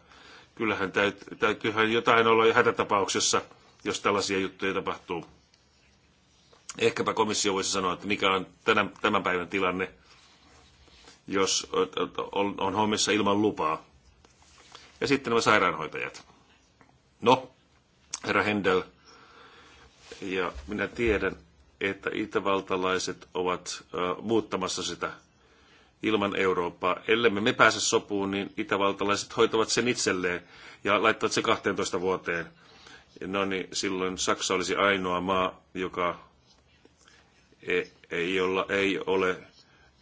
Kyllähän täyt, täytyyhän jotain olla hätätapauksessa, jos tällaisia juttuja tapahtuu. Ehkäpä komissio voisi sanoa, että mikä on tämän, tämän päivän tilanne, jos on, on hommissa ilman lupaa. Ja sitten nämä sairaanhoitajat. No, herra Hendel, ja minä tiedän, että itävaltalaiset ovat uh, muuttamassa sitä ilman Eurooppaa. Ellemme me pääse sopuun, niin itävaltalaiset hoitavat sen itselleen ja laittavat se 12 vuoteen. No niin, silloin Saksa olisi ainoa maa, joka ei, ei, olla, ei ole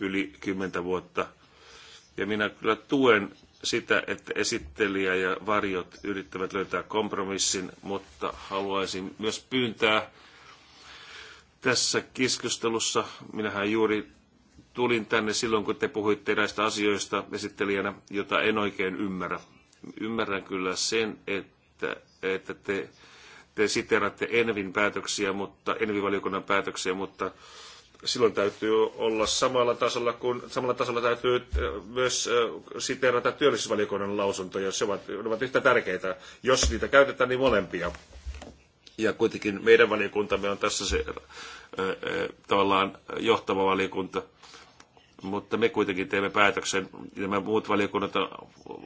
yli 10 vuotta. Ja minä kyllä tuen sitä, että esittelijä ja varjot yrittävät löytää kompromissin, mutta haluaisin myös pyyntää tässä keskustelussa, minähän juuri tulin tänne silloin, kun te puhuitte näistä asioista esittelijänä, jota en oikein ymmärrä. Ymmärrän kyllä sen, että, että te, te siteratte Envin päätöksiä, mutta, valiokunnan päätöksiä, mutta silloin täytyy olla samalla tasolla, kuin samalla tasolla täytyy äh, myös äh, siteerata työllisyysvaliokunnan lausuntoja, se ovat, ne ovat yhtä tärkeitä. Jos niitä käytetään, niin molempia. Ja kuitenkin meidän valiokuntamme on tässä se äh, tavallaan johtava valiokunta mutta me kuitenkin teemme päätöksen. ja Nämä muut valiokunnat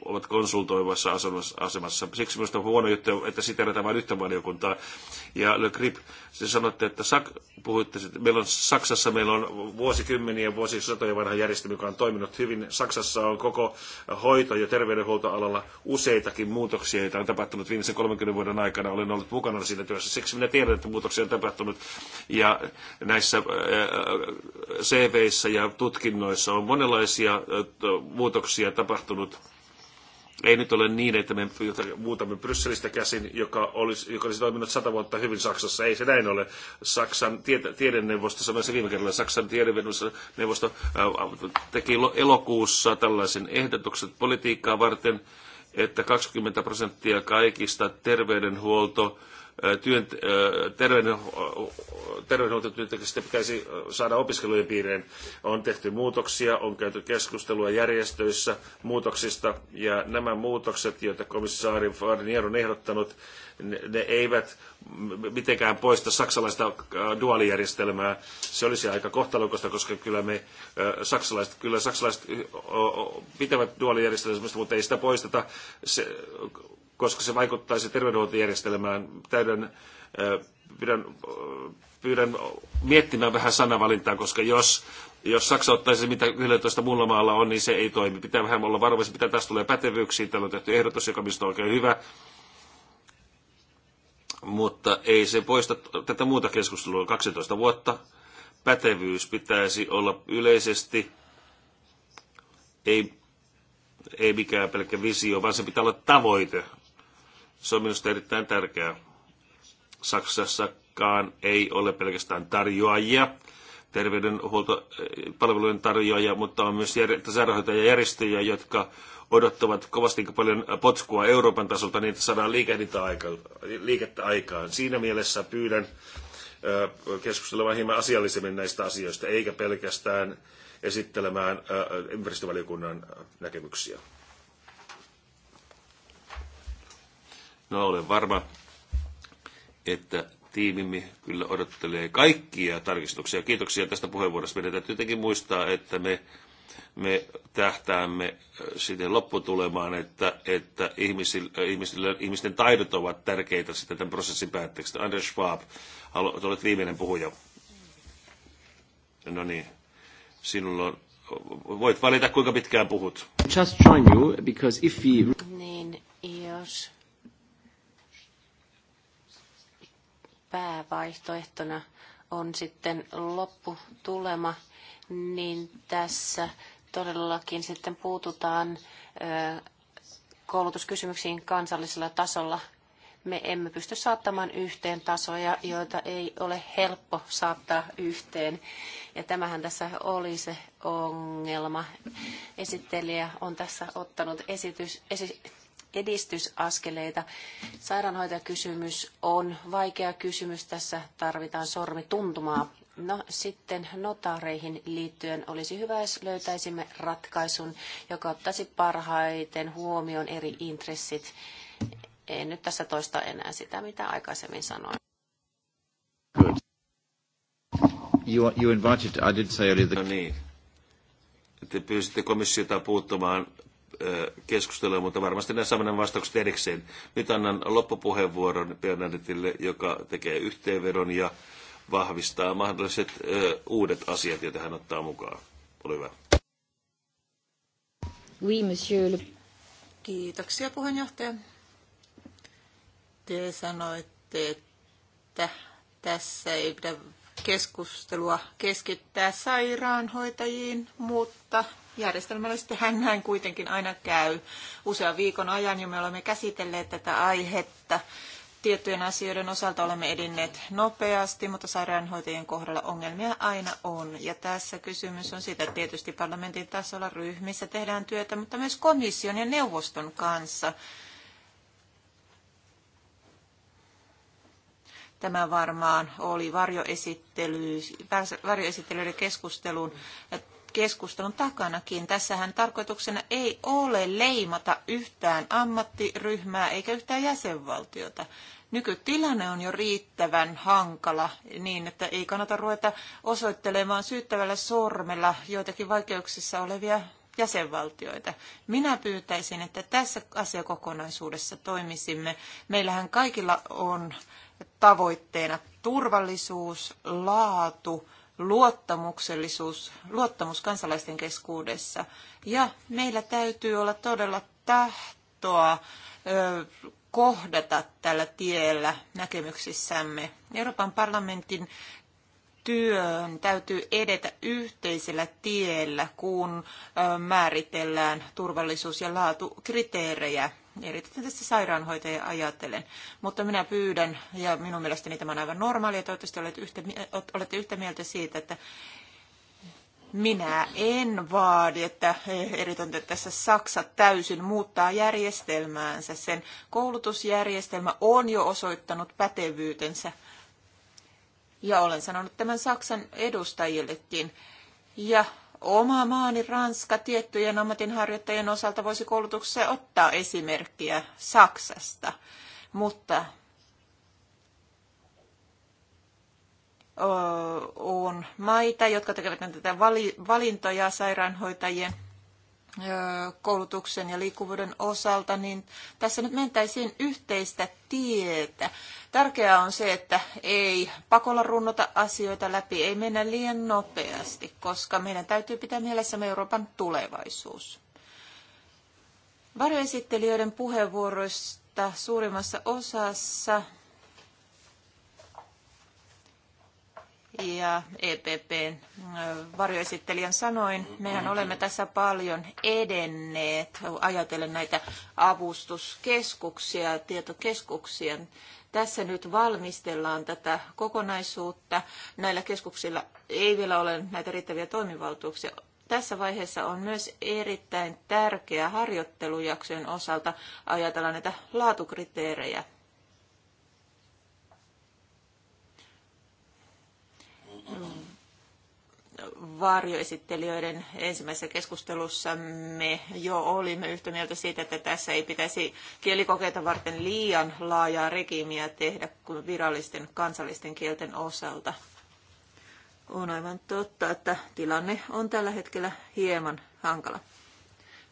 ovat konsultoivassa asemassa. Siksi minusta on huono juttu, että siteerataan vain yhtä valiokuntaa. Ja Le Grip, se sanotte, että Sak- puhuitte, että meillä on Saksassa meillä on vuosikymmeniä, vuosisatoja vanha järjestelmä, joka on toiminut hyvin. Saksassa on koko hoito- ja terveydenhuoltoalalla useitakin muutoksia, joita on tapahtunut viimeisen 30 vuoden aikana. Olen ollut mukana siinä työssä. Siksi minä tiedän, että muutoksia on tapahtunut. Ja näissä äh, äh, cv ja tutkinnoissa hinnoissa on monenlaisia muutoksia tapahtunut. Ei nyt ole niin, että me muutamme Brysselistä käsin, joka olisi, joka olisi toiminut sata vuotta hyvin Saksassa. Ei se näin ole. Saksan tiede, tiedenneuvosto, sanoin se viime kerralla, Saksan tiedeneuvosto teki elokuussa tällaisen ehdotuksen politiikkaa varten, että 20 prosenttia kaikista terveydenhuolto työn, terveyden, terveydenhuoltotyöntekijöistä pitäisi saada opiskelujen piiriin. On tehty muutoksia, on käyty keskustelua järjestöissä muutoksista, ja nämä muutokset, joita komissaari Farnier on ehdottanut, ne, ne eivät mitenkään poista saksalaista duaalijärjestelmää. Se olisi aika kohtalokasta, koska kyllä me saksalaiset, kyllä saksalaiset pitävät duaalijärjestelmästä, mutta ei sitä poisteta. Se, koska se vaikuttaisi terveydenhuoltojärjestelmään. Täydän, äh, pyydän, äh, pyydän miettimään vähän sanavalintaa, koska jos, jos Saksa ottaisi mitä 11 muulla maalla on, niin se ei toimi. Pitää vähän olla varovaisin, pitää tässä tulee pätevyyksiin. Täällä on tehty ehdotus, joka on oikein hyvä. Mutta ei se poista tätä muuta keskustelua 12 vuotta. Pätevyys pitäisi olla yleisesti, ei, ei mikään pelkkä visio, vaan se pitää olla tavoite se on minusta erittäin tärkeää. Saksassakaan ei ole pelkästään tarjoajia, terveydenhuoltopalvelujen eh, tarjoajia, mutta on myös sairaanhoitajajärjestöjä, jotka odottavat kovasti paljon potkua Euroopan tasolta, niin että saadaan liikettä aikaan. Siinä mielessä pyydän eh, keskustelemaan hieman asiallisemmin näistä asioista, eikä pelkästään esittelemään eh, ympäristövaliokunnan näkemyksiä. No olen varma, että tiimimme kyllä odottelee kaikkia tarkistuksia. Kiitoksia tästä puheenvuorosta. Meidän täytyy jotenkin muistaa, että me, me tähtäämme sitten lopputulemaan, että, että ihmisille, ihmisille, ihmisten taidot ovat tärkeitä sitten tämän prosessin päätteeksi. Anders Schwab, haluat, olet viimeinen puhuja. No niin, sinulla on voit valita kuinka pitkään puhut. Just join you, because if we... Niin, jos päävaihtoehtona on sitten lopputulema, niin tässä todellakin sitten puututaan koulutuskysymyksiin kansallisella tasolla. Me emme pysty saattamaan yhteen tasoja, joita ei ole helppo saattaa yhteen. Ja tämähän tässä oli se ongelma. Esittelijä on tässä ottanut esitys, esi, edistysaskeleita. Sairaanhoitajakysymys on vaikea kysymys. Tässä tarvitaan sormituntumaa. No sitten notaareihin liittyen olisi hyvä, jos löytäisimme ratkaisun, joka ottaisi parhaiten huomioon eri intressit. En nyt tässä toista enää sitä, mitä aikaisemmin sanoin. Good. You, you invited, I did say earlier the... No niin. Te pyysitte komissiota puuttumaan keskustelua, mutta varmasti nämä saamme vastaukset erikseen. Nyt annan loppupuheenvuoron Bernadettille, joka tekee yhteenvedon ja vahvistaa mahdolliset uudet asiat, joita hän ottaa mukaan. Ole hyvä. Oui, monsieur. Kiitoksia puheenjohtaja. Te sanoitte, että tässä ei pidä keskustelua keskittää sairaanhoitajiin, mutta järjestelmällisesti hän näin kuitenkin aina käy. Usean viikon ajan jo me olemme käsitelleet tätä aihetta. Tiettyjen asioiden osalta olemme edinneet nopeasti, mutta sairaanhoitajien kohdalla ongelmia aina on. Ja tässä kysymys on siitä, että tietysti parlamentin tasolla ryhmissä tehdään työtä, mutta myös komission ja neuvoston kanssa Tämä varmaan oli varjoesittely, varjoesittelyiden keskustelun, keskustelun takanakin. Tässähän tarkoituksena ei ole leimata yhtään ammattiryhmää eikä yhtään jäsenvaltiota. Nykytilanne on jo riittävän hankala niin, että ei kannata ruveta osoittelemaan syyttävällä sormella joitakin vaikeuksissa olevia jäsenvaltioita. Minä pyytäisin, että tässä asiakokonaisuudessa toimisimme. Meillähän kaikilla on tavoitteena turvallisuus, laatu, luottamuksellisuus, luottamus kansalaisten keskuudessa. Ja meillä täytyy olla todella tahtoa ö, kohdata tällä tiellä näkemyksissämme. Euroopan parlamentin työn täytyy edetä yhteisellä tiellä, kun määritellään turvallisuus- ja laatukriteerejä erityisesti sairaanhoitajia ajattelen. Mutta minä pyydän, ja minun mielestäni tämä on aivan ja toivottavasti olette yhtä, olette yhtä mieltä siitä, että minä en vaadi, että erityisesti tässä Saksa täysin muuttaa järjestelmäänsä. Sen koulutusjärjestelmä on jo osoittanut pätevyytensä. Ja olen sanonut tämän Saksan edustajillekin. Ja oma maani Ranska tiettyjen ammatinharjoittajien osalta voisi koulutuksessa ottaa esimerkkiä Saksasta, mutta on maita, jotka tekevät näitä valintoja sairaanhoitajien koulutuksen ja liikkuvuuden osalta, niin tässä nyt mentäisiin yhteistä tietä. Tärkeää on se, että ei pakolla runnota asioita läpi, ei mennä liian nopeasti, koska meidän täytyy pitää mielessämme Euroopan tulevaisuus. Varjoesittelijöiden puheenvuoroista suurimmassa osassa ja EPPn äh, varjoesittelijän sanoin, mehän olemme tässä paljon edenneet ajatellen näitä avustuskeskuksia, tietokeskuksia. Tässä nyt valmistellaan tätä kokonaisuutta. Näillä keskuksilla ei vielä ole näitä riittäviä toimivaltuuksia. Tässä vaiheessa on myös erittäin tärkeää harjoittelujaksojen osalta ajatella näitä laatukriteerejä varjoesittelijöiden ensimmäisessä keskustelussa me jo olimme yhtä mieltä siitä, että tässä ei pitäisi kielikokeita varten liian laajaa regiimiä tehdä kuin virallisten kansallisten kielten osalta. On aivan totta, että tilanne on tällä hetkellä hieman hankala.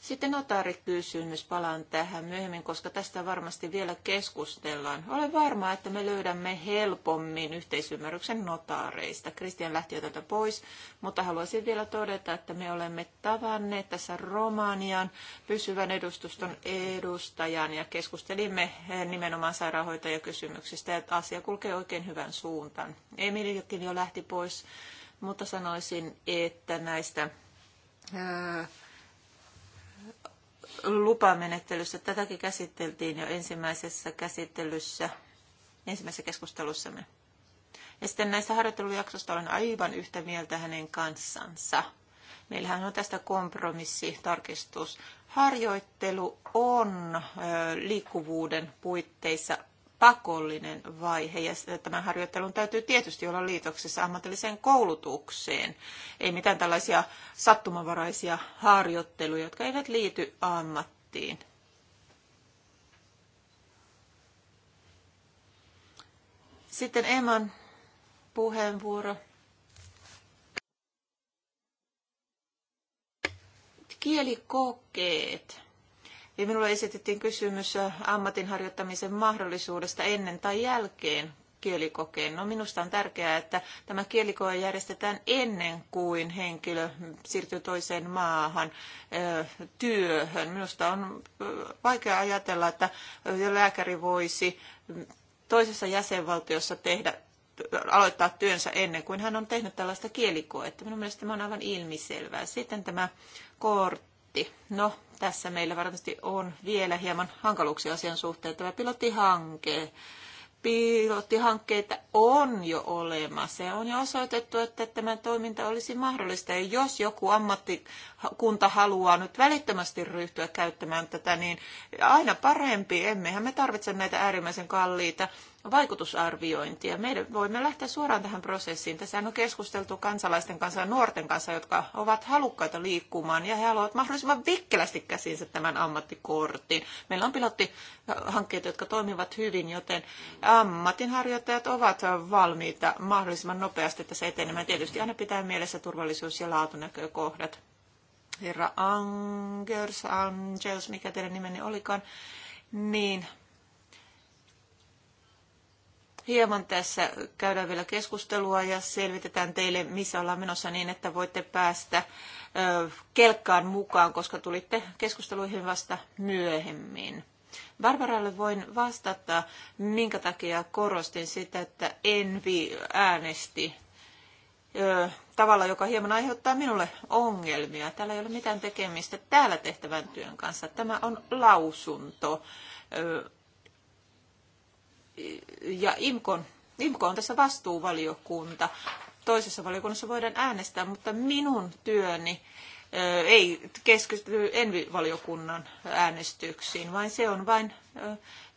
Sitten notaarikysymys, palaan tähän myöhemmin, koska tästä varmasti vielä keskustellaan. Olen varma, että me löydämme helpommin yhteisymmärryksen notaareista. Kristian lähti jo tältä pois, mutta haluaisin vielä todeta, että me olemme tavanneet tässä Romanian pysyvän edustuston edustajan ja keskustelimme nimenomaan sairaanhoitajakysymyksistä, että asia kulkee oikein hyvän suuntaan. Emiliakin jo lähti pois, mutta sanoisin, että näistä... Ää, lupamenettelyssä. Tätäkin käsiteltiin jo ensimmäisessä käsittelyssä, ensimmäisessä keskustelussamme. Ja sitten näistä harjoittelujaksoista olen aivan yhtä mieltä hänen kanssansa. Meillähän on tästä tarkistus. Harjoittelu on liikkuvuuden puitteissa pakollinen vaihe ja tämän harjoittelun täytyy tietysti olla liitoksessa ammatilliseen koulutukseen. Ei mitään tällaisia sattumavaraisia harjoitteluja, jotka eivät liity ammattiin. Sitten Eman puheenvuoro. Kielikokeet ja minulle esitettiin kysymys äh, ammatinharjoittamisen mahdollisuudesta ennen tai jälkeen kielikokeen. No minusta on tärkeää, että tämä kielikoe järjestetään ennen kuin henkilö siirtyy toiseen maahan äh, työhön. Minusta on äh, vaikea ajatella, että lääkäri voisi mm, toisessa jäsenvaltiossa tehdä aloittaa työnsä ennen kuin hän on tehnyt tällaista kielikoetta. Minun mielestä tämä on aivan ilmiselvää. Sitten tämä kortti. No, tässä meillä varmasti on vielä hieman hankaluuksia asian suhteen. Tämä pilottihanke, pilottihankkeita on jo olemassa ja on jo osoitettu, että tämä toiminta olisi mahdollista. Ja jos joku ammattikunta haluaa nyt välittömästi ryhtyä käyttämään tätä, niin aina parempi. Emmehän me tarvitse näitä äärimmäisen kalliita vaikutusarviointia. Meidän voimme lähteä suoraan tähän prosessiin. Tässä on keskusteltu kansalaisten kanssa ja nuorten kanssa, jotka ovat halukkaita liikkumaan ja he haluavat mahdollisimman vikkelästi käsinsä tämän ammattikortin. Meillä on pilottihankkeet, jotka toimivat hyvin, joten ammatinharjoittajat ovat valmiita mahdollisimman nopeasti tässä etenemään. Tietysti aina pitää mielessä turvallisuus ja laatunäkökohdat. Herra Angers, Angels, mikä teidän nimenne olikaan, niin hieman tässä käydään vielä keskustelua ja selvitetään teille, missä ollaan menossa niin, että voitte päästä kelkkaan mukaan, koska tulitte keskusteluihin vasta myöhemmin. Barbaralle voin vastata, minkä takia korostin sitä, että Envi äänesti tavalla, joka hieman aiheuttaa minulle ongelmia. Täällä ei ole mitään tekemistä täällä tehtävän työn kanssa. Tämä on lausunto ja IMKON, IMKO on tässä vastuuvaliokunta. Toisessa valiokunnassa voidaan äänestää, mutta minun työni ei keskity Envi-valiokunnan äänestyksiin, vaan se on vain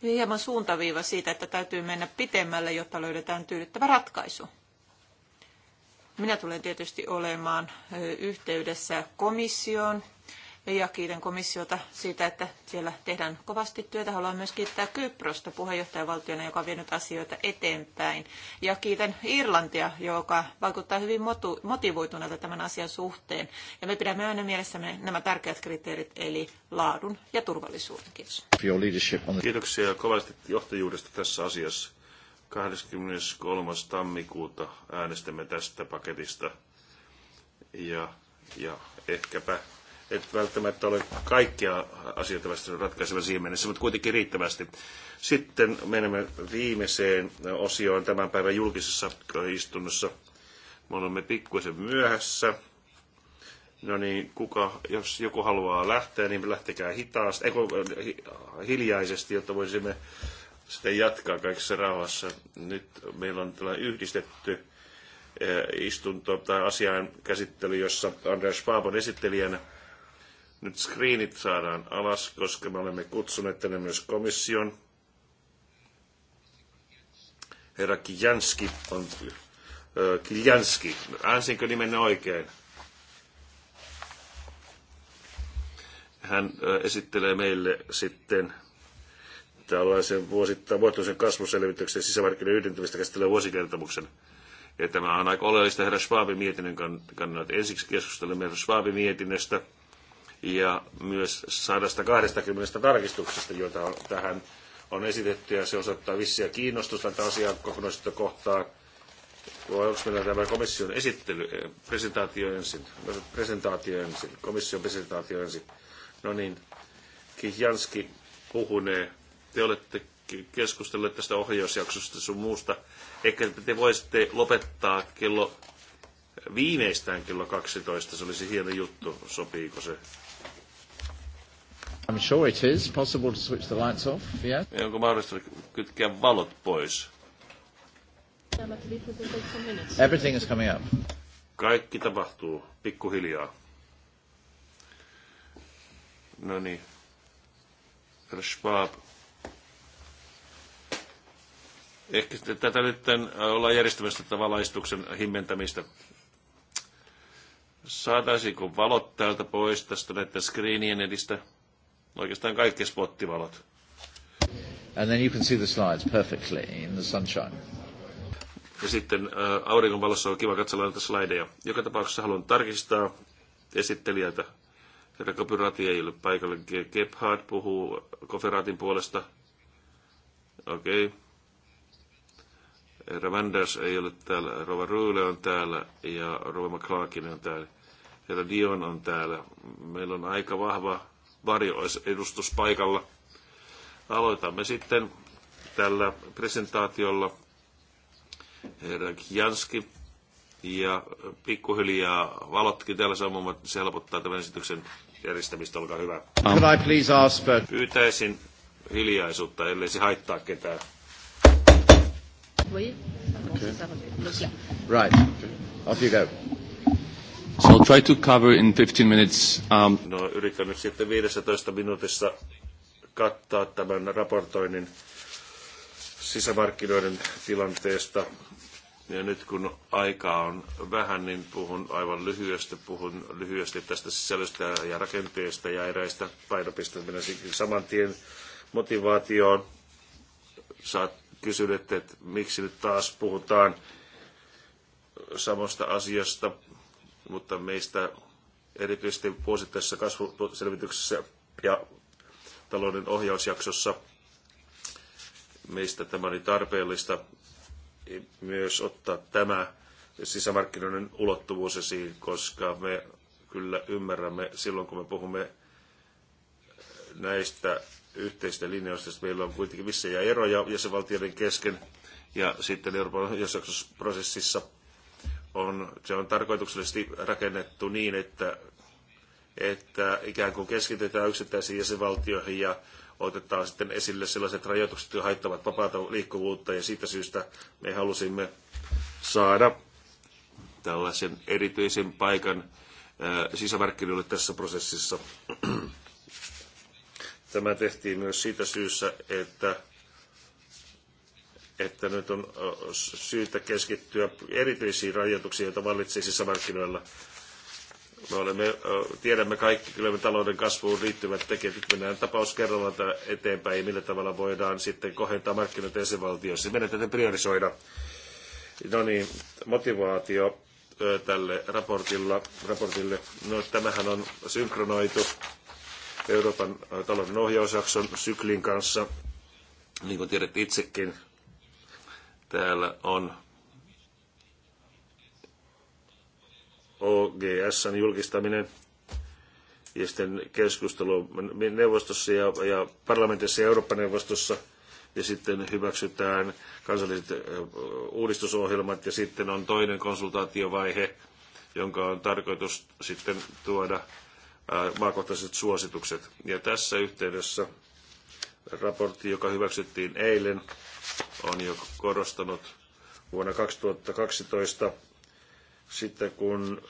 hieman suuntaviiva siitä, että täytyy mennä pitemmälle, jotta löydetään tyydyttävä ratkaisu. Minä tulen tietysti olemaan yhteydessä komissioon ja kiitän komissiota siitä, että siellä tehdään kovasti työtä. Haluan myös kiittää Kyprosta puheenjohtajavaltiona, joka on vienyt asioita eteenpäin. Ja kiitän Irlantia, joka vaikuttaa hyvin motivoituneelta tämän asian suhteen. Ja me pidämme aina mielessämme nämä tärkeät kriteerit, eli laadun ja turvallisuuden. Kiitos. Kiitoksia kovasti johtajuudesta tässä asiassa. 23. tammikuuta äänestämme tästä paketista ja, ja ehkäpä et välttämättä ole kaikkia asioita ratkaiseva siihen mennessä, mutta kuitenkin riittävästi. Sitten menemme viimeiseen osioon tämän päivän julkisessa istunnossa. Me olemme pikkuisen myöhässä. No niin, kuka, jos joku haluaa lähteä, niin lähtekää hitaasti, ei, hiljaisesti, jotta voisimme sitten jatkaa kaikessa rauhassa. Nyt meillä on tällainen yhdistetty eh, istunto tai asian käsittely, jossa Andreas Schwab on esittelijänä nyt screenit saadaan alas, koska me olemme kutsuneet tänne myös komission. Herra Kijanski on... Kijanski, Kiljanski, äänsinkö nimenne oikein? Hän esittelee meille sitten tällaisen vuosittain vuotuisen kasvuselvityksen sisämarkkinoiden yhdentymistä käsittelee vuosikertomuksen. Ja tämä on aika oleellista herra Schwabin mietinnön kannalta. Ensiksi keskustelemme herra Schwabin mietinnöstä – ja myös 120 tarkistuksesta, joita on, tähän on esitetty, ja se osoittaa vissiä kiinnostusta tätä asiaa kokonaisuutta kohtaan. Onko meillä tämä komission esittely, eh, presentaatio ensin, presentaatio ensin, komission presentaatio ensin. No niin, Kihjanski puhunee. Te olette keskustelleet tästä ohjausjaksosta sun muusta. Ehkä te voisitte lopettaa kello viimeistään kello 12. Se olisi hieno juttu. Sopiiko se? I'm sure it is possible to switch the lights off, yeah. Onko mahdollista kytkeä valot pois? Everything is coming up. Kaikki tapahtuu pikkuhiljaa. No niin. Herr Schwab. Ehkä tätä nyt äh, ollaan järjestämässä tätä valaistuksen himmentämistä. Saataisiinko valot täältä pois tästä näiden screenien edistä? Oikeastaan kaikki spottivalot. And then you can see the slides perfectly in the sunshine. Ja sitten äh, auringon valossa on kiva katsella näitä slideja. Joka tapauksessa haluan tarkistaa esittelijältä. Herra Kopirati ei ole paikalla. Gebhard puhuu Koferatin puolesta. Okei. Okay. Herra Vanders ei ole täällä. Rova Ruule on täällä ja Rova McClarkin on täällä. Herra Dion on täällä. Meillä on aika vahva varjoedustus paikalla. Aloitamme sitten tällä presentaatiolla. Herra Janski ja pikkuhiljaa valotkin täällä sammumaan, se helpottaa tämän esityksen järjestämistä. Olkaa hyvä. Could I please ask for... Pyytäisin hiljaisuutta, ellei se haittaa ketään. Oui. Okay. Right. Off you go. So I'll try to cover in 15 minutes. Um... No, yritän nyt sitten 15 minuutissa kattaa tämän raportoinnin sisämarkkinoiden tilanteesta. Ja nyt kun aikaa on vähän, niin puhun aivan lyhyesti, puhun lyhyesti tästä sisällöstä ja rakenteesta ja eräistä painopisteistä. Minä saman tien motivaatioon. Saat kysynyt, että miksi nyt taas puhutaan samasta asiasta mutta meistä erityisesti vuosittaisessa kasvuselvityksessä ja talouden ohjausjaksossa meistä tämä oli tarpeellista myös ottaa tämä sisämarkkinoiden ulottuvuus esiin, koska me kyllä ymmärrämme silloin, kun me puhumme näistä yhteistä linjoista, että meillä on kuitenkin vissejä eroja jäsenvaltioiden kesken ja sitten Euroopan ohjausprosessissa on, se on tarkoituksellisesti rakennettu niin, että, että ikään kuin keskitytään yksittäisiin jäsenvaltioihin ja otetaan sitten esille sellaiset rajoitukset, jotka haittavat vapaata liikkuvuutta ja siitä syystä me halusimme saada tällaisen erityisen paikan sisämarkkinoille tässä prosessissa. Tämä tehtiin myös siitä syystä, että että nyt on syytä keskittyä erityisiin rajoituksiin, joita vallitsee sisämarkkinoilla. Me olemme, tiedämme kaikki kyllä me talouden kasvuun liittyvät tekijät. Nyt mennään tapaus kerrallaan eteenpäin, millä tavalla voidaan sitten kohentaa markkinoita jäsenvaltioissa. Meidän täytyy priorisoida. No niin, motivaatio tälle raportilla, raportille. No, tämähän on synkronoitu Euroopan talouden ohjausjakson syklin kanssa. Niin kuin tiedät itsekin, Täällä on OGSn julkistaminen ja sitten keskustelu neuvostossa ja, ja parlamentissa ja Eurooppa-neuvostossa ja sitten hyväksytään kansalliset uudistusohjelmat ja sitten on toinen konsultaatiovaihe, jonka on tarkoitus sitten tuoda maakohtaiset suositukset. Ja tässä yhteydessä Raportti, joka hyväksyttiin eilen, on jo korostanut vuonna 2012 sitten kun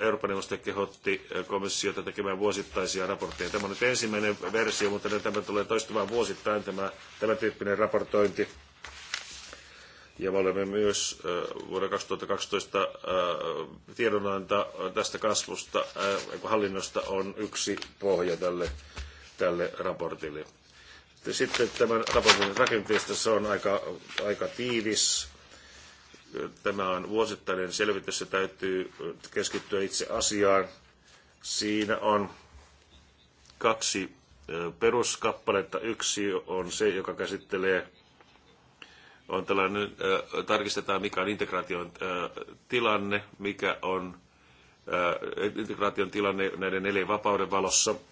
Euroopan neuvosto kehotti komissiota tekemään vuosittaisia raportteja. Tämä on nyt ensimmäinen versio, mutta tämä tulee toistumaan vuosittain, tämä, tämä tyyppinen raportointi. Ja me olemme myös vuonna 2012 tiedonanta tästä kasvusta, hallinnosta on yksi pohja tälle, tälle raportille. Sitten tämän raportin rakenteesta se on aika, aika tiivis. Tämä on vuosittainen selvitys, se täytyy keskittyä itse asiaan. Siinä on kaksi peruskappaletta. Yksi on se, joka käsittelee on tällainen, tarkistetaan mikä on integraation tilanne, mikä on integraation tilanne näiden neljän vapauden valossa –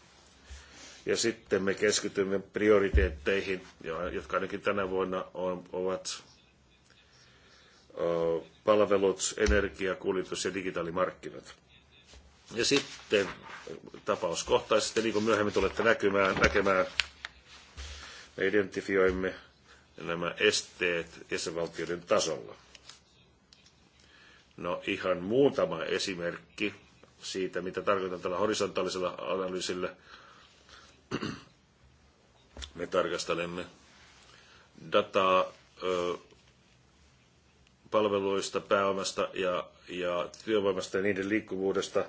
ja sitten me keskitymme prioriteetteihin, jotka ainakin tänä vuonna on, ovat palvelut, energia, kuljetus ja digitaalimarkkinat. Ja sitten tapauskohtaisesti, niin kuin myöhemmin tulette näkymään, näkemään, me identifioimme nämä esteet jäsenvaltioiden tasolla. No ihan muutama esimerkki siitä, mitä tarkoitan tällä horisontaalisella analyysillä – me tarkastelemme dataa palveluista, pääomasta ja, ja työvoimasta ja niiden liikkuvuudesta.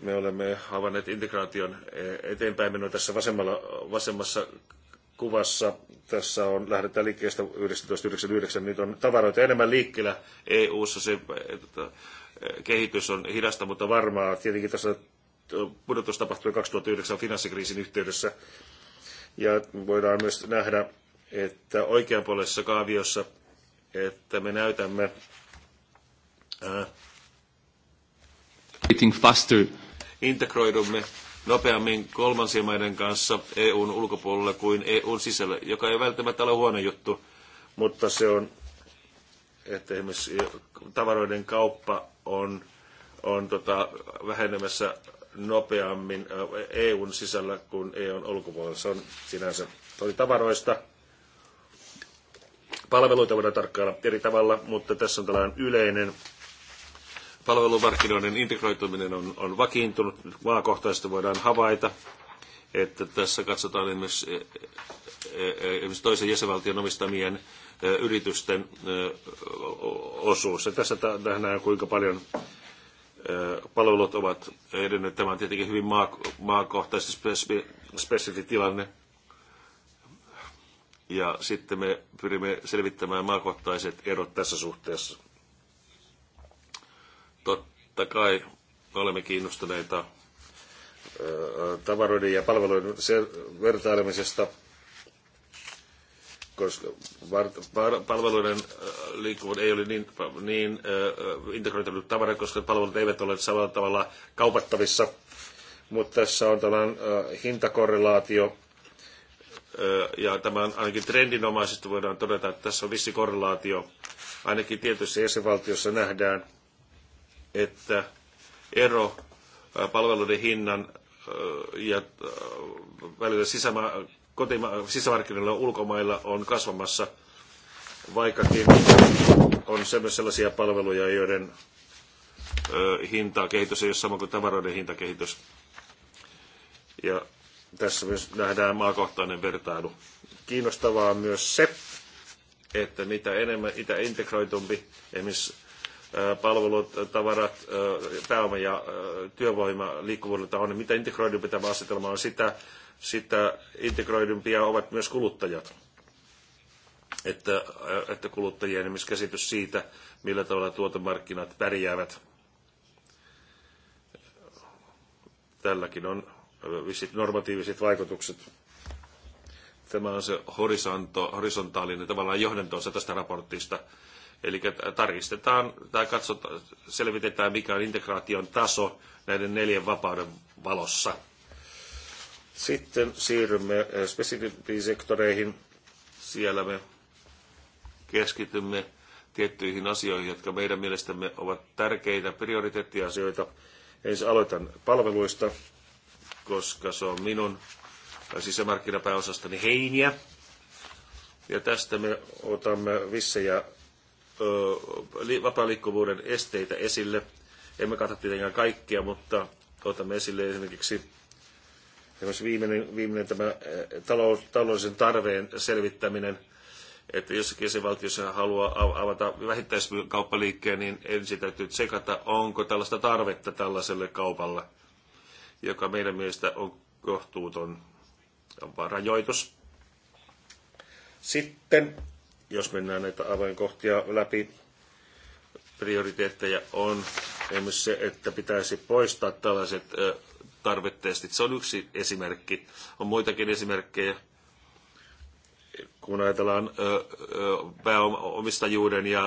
Me olemme avanneet integraation e, eteenpäin menoa tässä vasemmalla, vasemmassa kuvassa. Tässä on, lähdetään liikkeestä 1999, nyt on tavaroita enemmän liikkeellä EU-ssa. Se kehitys on hidasta, mutta varmaa. Tietenkin tässä pudotus tapahtui 2009 finanssikriisin yhteydessä. Ja voidaan myös nähdä, että oikeanpuoleisessa kaaviossa, että me näytämme ää, äh, faster. integroidumme nopeammin kolmansien maiden kanssa EUn ulkopuolella kuin EUn sisällä, joka ei välttämättä ole huono juttu, mutta se on, että esimerkiksi tavaroiden kauppa on, on tota, vähenemässä nopeammin EUn sisällä kuin EUn ulkopuolella. Se on sinänsä toi tavaroista. Palveluita voidaan tarkkailla eri tavalla, mutta tässä on tällainen yleinen palvelumarkkinoiden integroituminen on, on vakiintunut. Maakohtaisesti voidaan havaita, että tässä katsotaan esimerkiksi, e, e, e, esimerkiksi toisen jäsenvaltion omistamien yritysten osuus. Ja tässä nähdään, kuinka paljon palvelut ovat edenneet. Tämä on tietenkin hyvin maakohtaisesti spesifi tilanne. Ja sitten me pyrimme selvittämään maakohtaiset erot tässä suhteessa. Totta kai olemme kiinnostuneita tavaroiden ja palveluiden vertailemisesta – koska palveluiden äh, liikkuvuus ei ole niin, niin äh, äh, integroitunut tavara, koska palvelut eivät ole samalla tavalla kaupattavissa. Mutta tässä on tällainen hintakorrelaatio, ja tämä on ainakin trendinomaisesti voidaan todeta, että tässä on vissi korrelaatio. Ainakin tietyissä jäsenvaltiossa nähdään, että ero palveluiden hinnan ja välillä sisämaa kotima- sisämarkkinoilla ulkomailla on kasvamassa, vaikkakin on sellaisia palveluja, joiden hintakehitys ei ole sama kuin tavaroiden hintakehitys. Ja tässä myös nähdään maakohtainen vertailu. Kiinnostavaa on myös se, että mitä enemmän mitä integroitumpi esimerkiksi palvelut, tavarat, pääoma ja työvoima liikkuvuudelta on, niin mitä integroidumpi tämä asetelma on sitä sitä integroidumpia ovat myös kuluttajat. Että, että kuluttajien myös käsitys siitä, millä tavalla tuotemarkkinat pärjäävät. Tälläkin on visit normatiiviset vaikutukset. Tämä on se horisontaalinen tavallaan johdantoosa tästä raportista. Eli tarkistetaan tai katsotaan, selvitetään, mikä on integraation taso näiden neljän vapauden valossa sitten siirrymme eh, spesifimpiin sektoreihin. Siellä me keskitymme tiettyihin asioihin, jotka meidän mielestämme ovat tärkeitä prioriteettiasioita. Ensin aloitan palveluista, koska se on minun sisämarkkinapääosastani heiniä. Ja tästä me otamme vissejä vapaa-liikkuvuuden esteitä esille. Emme katso tietenkään kaikkia, mutta otamme esille esimerkiksi Esimerkiksi viimeinen, viimeinen tämä talous, taloudellisen tarveen selvittäminen, että jossakin jäsenvaltiossa haluaa avata vähittäiskauppaliikkeen, niin ensin täytyy tsekata, onko tällaista tarvetta tällaiselle kaupalla, joka meidän mielestä on kohtuuton rajoitus. Sitten, jos mennään näitä avainkohtia läpi, prioriteetteja on esimerkiksi se, että pitäisi poistaa tällaiset tarvetestit. Se on yksi esimerkki. On muitakin esimerkkejä, kun ajatellaan pääomistajuuden ja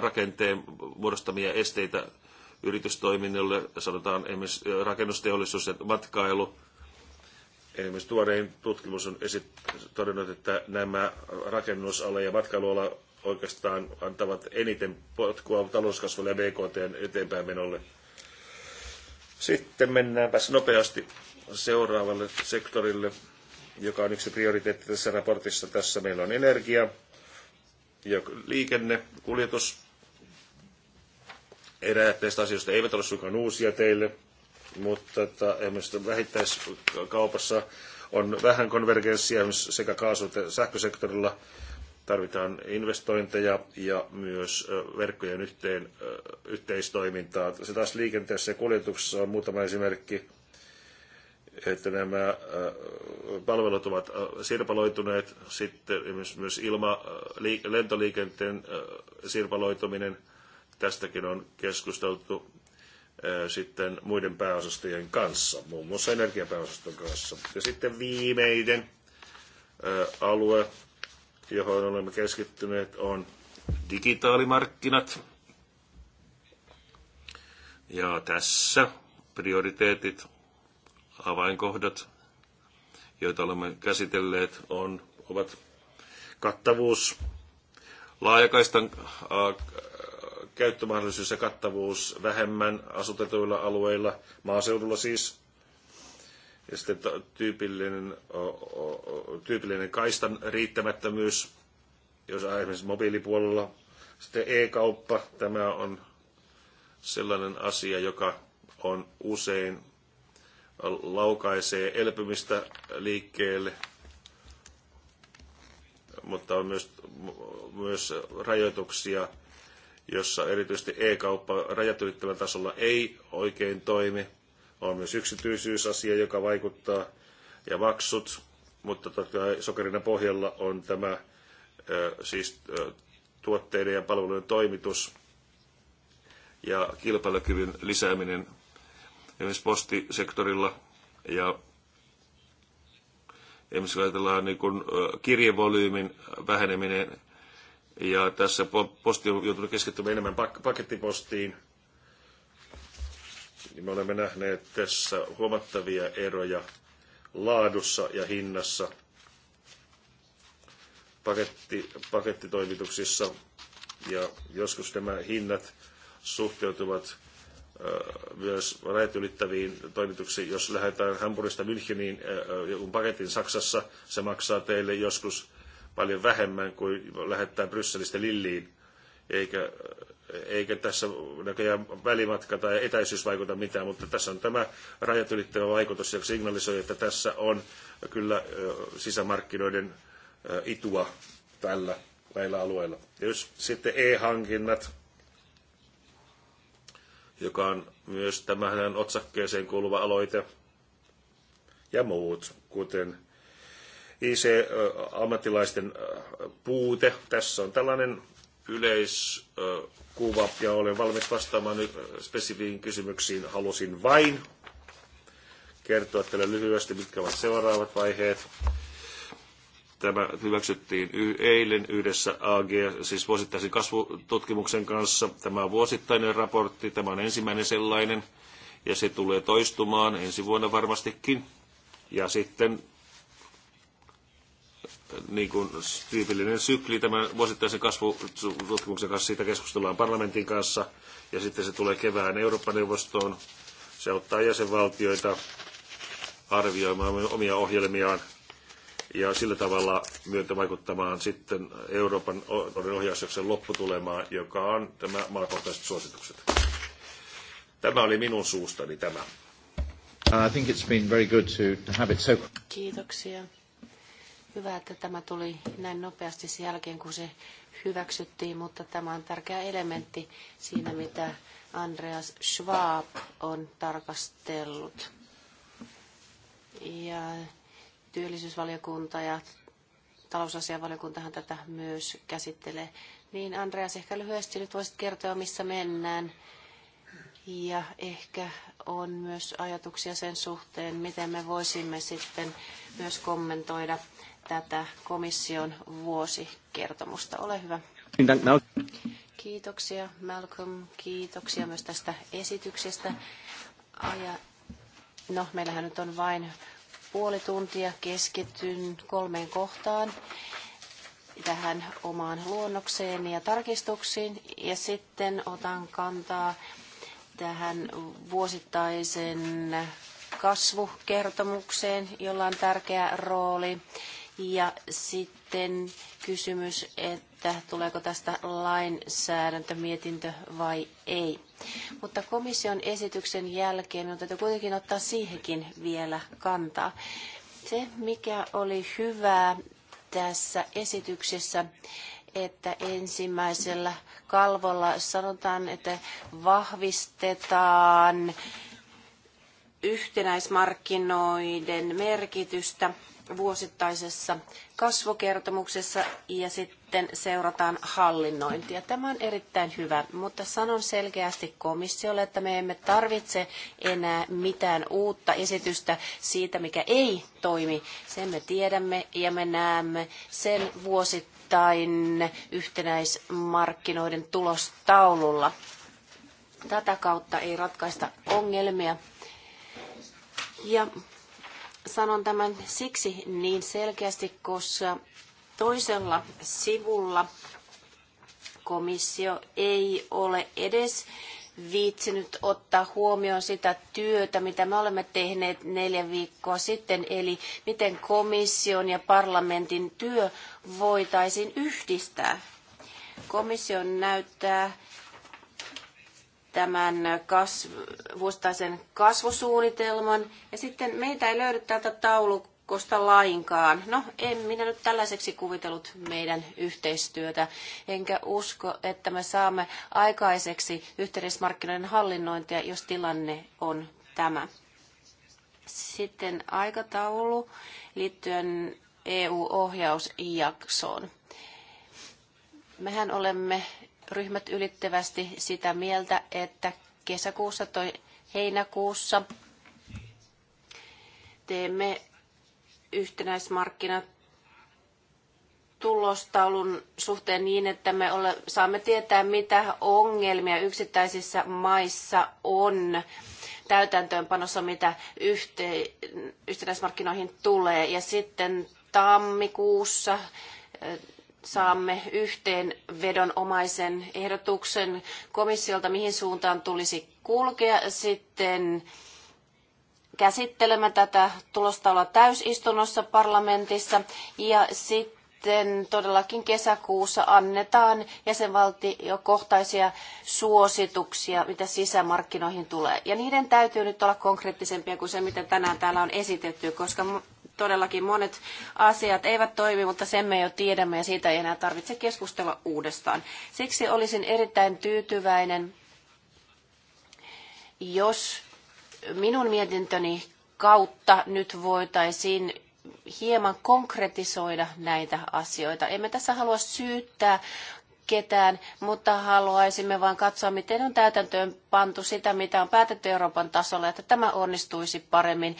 rakenteen muodostamia esteitä yritystoiminnalle, sanotaan esimerkiksi rakennusteollisuus ja matkailu. Esimerkiksi tuorein tutkimus on esit- todennut, että nämä rakennusala ja matkailuala oikeastaan antavat eniten potkua talouskasvulle ja BKT eteenpäin menolle sitten mennäänpäs nopeasti seuraavalle sektorille, joka on yksi prioriteetti tässä raportissa. Tässä meillä on energia ja liikenne, kuljetus. Eräät näistä asioista eivät ole suinkaan uusia teille, mutta että tota, esimerkiksi vähittäiskaupassa on vähän konvergenssia sekä kaasu- että sähkösektorilla, Tarvitaan investointeja ja myös verkkojen yhteen, yhteistoimintaa. Se taas liikenteessä ja kuljetuksessa on muutama esimerkki, että nämä palvelut ovat sirpaloituneet, sitten myös ilma, lentoliikenteen sirpaloituminen, tästäkin on keskusteltu sitten muiden pääosastojen kanssa, muun muassa energiapääosaston kanssa. Ja sitten viimeinen alue johon olemme keskittyneet, on digitaalimarkkinat. Ja tässä prioriteetit, avainkohdat, joita olemme käsitelleet, on, ovat kattavuus, laajakaistan äh, käyttömahdollisuus ja kattavuus vähemmän asutetuilla alueilla, maaseudulla siis, ja sitten tyypillinen, tyypillinen kaistan riittämättömyys, jos esimerkiksi mobiilipuolella. Sitten e-kauppa, tämä on sellainen asia, joka on usein laukaisee elpymistä liikkeelle, mutta on myös, myös rajoituksia, jossa erityisesti e-kauppa rajat tasolla ei oikein toimi – on myös yksityisyysasia, joka vaikuttaa, ja maksut, mutta totta kai sokerina pohjalla on tämä siis tuotteiden ja palvelujen toimitus ja kilpailukyvyn lisääminen esimerkiksi postisektorilla ja esimerkiksi ajatellaan niin kuin kirjevolyymin väheneminen ja tässä posti on joutunut keskittymään enemmän pakettipostiin niin me olemme nähneet tässä huomattavia eroja laadussa ja hinnassa paketti, pakettitoimituksissa. Ja joskus nämä hinnat suhteutuvat myös rajat ylittäviin toimituksiin. Jos lähdetään Hampurista Müncheniin joku paketin Saksassa, se maksaa teille joskus paljon vähemmän kuin lähettää Brysselistä Lilliin, eikä eikä tässä näköjään välimatka tai etäisyys vaikuta mitään, mutta tässä on tämä rajat ylittävä vaikutus, joka signalisoi, että tässä on kyllä sisämarkkinoiden itua tällä näillä alueilla. Jos sitten e-hankinnat, joka on myös tämähän otsakkeeseen kuuluva aloite, ja muut, kuten IC-ammattilaisten puute. Tässä on tällainen yleiskuva ja olen valmis vastaamaan nyt spesifiin kysymyksiin. Halusin vain kertoa teille lyhyesti, mitkä ovat seuraavat vaiheet. Tämä hyväksyttiin eilen yhdessä AG, siis vuosittaisen kasvututkimuksen kanssa. Tämä on vuosittainen raportti, tämä on ensimmäinen sellainen, ja se tulee toistumaan ensi vuonna varmastikin. Ja sitten niin kuin tyypillinen sykli tämän vuosittaisen kasvututkimuksen kanssa. Siitä keskustellaan parlamentin kanssa ja sitten se tulee kevään Eurooppa-neuvostoon. Se auttaa jäsenvaltioita arvioimaan omia ohjelmiaan ja sillä tavalla myötä vaikuttamaan sitten Euroopan ohjausjakson lopputulemaan, joka on tämä maakohtaiset suositukset. Tämä oli minun suustani tämä. I think it's been very good to have it so... Kiitoksia. Hyvä, että tämä tuli näin nopeasti sen jälkeen, kun se hyväksyttiin, mutta tämä on tärkeä elementti siinä, mitä Andreas Schwab on tarkastellut. Ja työllisyysvaliokunta ja talousasianvaliokuntahan tätä myös käsittelee. Niin Andreas, ehkä lyhyesti nyt voisit kertoa, missä mennään. Ja ehkä on myös ajatuksia sen suhteen, miten me voisimme sitten myös kommentoida tätä komission vuosikertomusta. Ole hyvä. Kiitoksia Malcolm, kiitoksia myös tästä esityksestä. Aja... No, meillähän nyt on vain puoli tuntia keskityn kolmeen kohtaan tähän omaan luonnokseen ja tarkistuksiin ja sitten otan kantaa tähän vuosittaisen kasvukertomukseen, jolla on tärkeä rooli ja sitten kysymys, että tuleeko tästä lainsäädäntömietintö vai ei. Mutta komission esityksen jälkeen minun täytyy kuitenkin ottaa siihenkin vielä kantaa. Se, mikä oli hyvää tässä esityksessä, että ensimmäisellä kalvolla sanotaan, että vahvistetaan yhtenäismarkkinoiden merkitystä – vuosittaisessa kasvukertomuksessa ja sitten seurataan hallinnointia. Tämä on erittäin hyvä, mutta sanon selkeästi komissiolle, että me emme tarvitse enää mitään uutta esitystä siitä, mikä ei toimi. Sen me tiedämme ja me näemme sen vuosittain yhtenäismarkkinoiden tulostaululla. Tätä kautta ei ratkaista ongelmia. Ja Sanon tämän siksi niin selkeästi, koska toisella sivulla komissio ei ole edes viitsinyt ottaa huomioon sitä työtä, mitä me olemme tehneet neljä viikkoa sitten, eli miten komission ja parlamentin työ voitaisiin yhdistää. Komissio näyttää tämän kasv- vuosittaisen kasvusuunnitelman. Ja sitten meitä ei löydy täältä taulukosta lainkaan. No, en minä nyt tällaiseksi kuvitellut meidän yhteistyötä, enkä usko, että me saamme aikaiseksi yhteismarkkinoiden hallinnointia, jos tilanne on tämä. Sitten aikataulu liittyen EU-ohjausjaksoon. Mehän olemme ryhmät ylittävästi sitä mieltä, että kesäkuussa tai heinäkuussa teemme yhtenäismarkkinat tulostaulun suhteen niin, että me ole, saamme tietää, mitä ongelmia yksittäisissä maissa on täytäntöönpanossa, mitä yhte, yhtenäismarkkinoihin tulee. Ja sitten tammikuussa saamme yhteen ehdotuksen komissiolta, mihin suuntaan tulisi kulkea sitten käsittelemme tätä tulosta olla täysistunnossa parlamentissa ja sitten todellakin kesäkuussa annetaan jäsenvaltiokohtaisia suosituksia, mitä sisämarkkinoihin tulee. Ja niiden täytyy nyt olla konkreettisempia kuin se, mitä tänään täällä on esitetty, koska todellakin monet asiat eivät toimi, mutta sen me jo tiedämme ja siitä ei enää tarvitse keskustella uudestaan. Siksi olisin erittäin tyytyväinen, jos minun mietintöni kautta nyt voitaisiin hieman konkretisoida näitä asioita. Emme tässä halua syyttää ketään, mutta haluaisimme vain katsoa, miten on täytäntöön pantu sitä, mitä on päätetty Euroopan tasolla, että tämä onnistuisi paremmin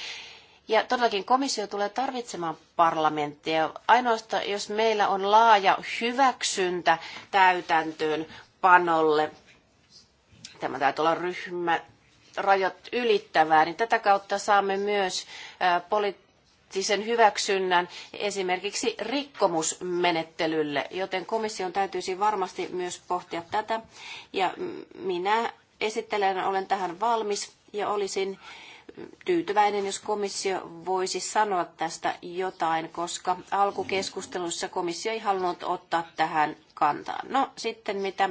ja todellakin komissio tulee tarvitsemaan parlamenttia. Ainoastaan jos meillä on laaja hyväksyntä täytäntöön panolle, tämä täytyy olla ryhmä, rajat ylittävää, niin tätä kautta saamme myös poliittisen hyväksynnän esimerkiksi rikkomusmenettelylle, joten komission täytyisi varmasti myös pohtia tätä. Ja minä esittelen, olen tähän valmis ja olisin tyytyväinen, jos komissio voisi sanoa tästä jotain, koska alkukeskustelussa komissio ei halunnut ottaa tähän kantaa. No sitten mitä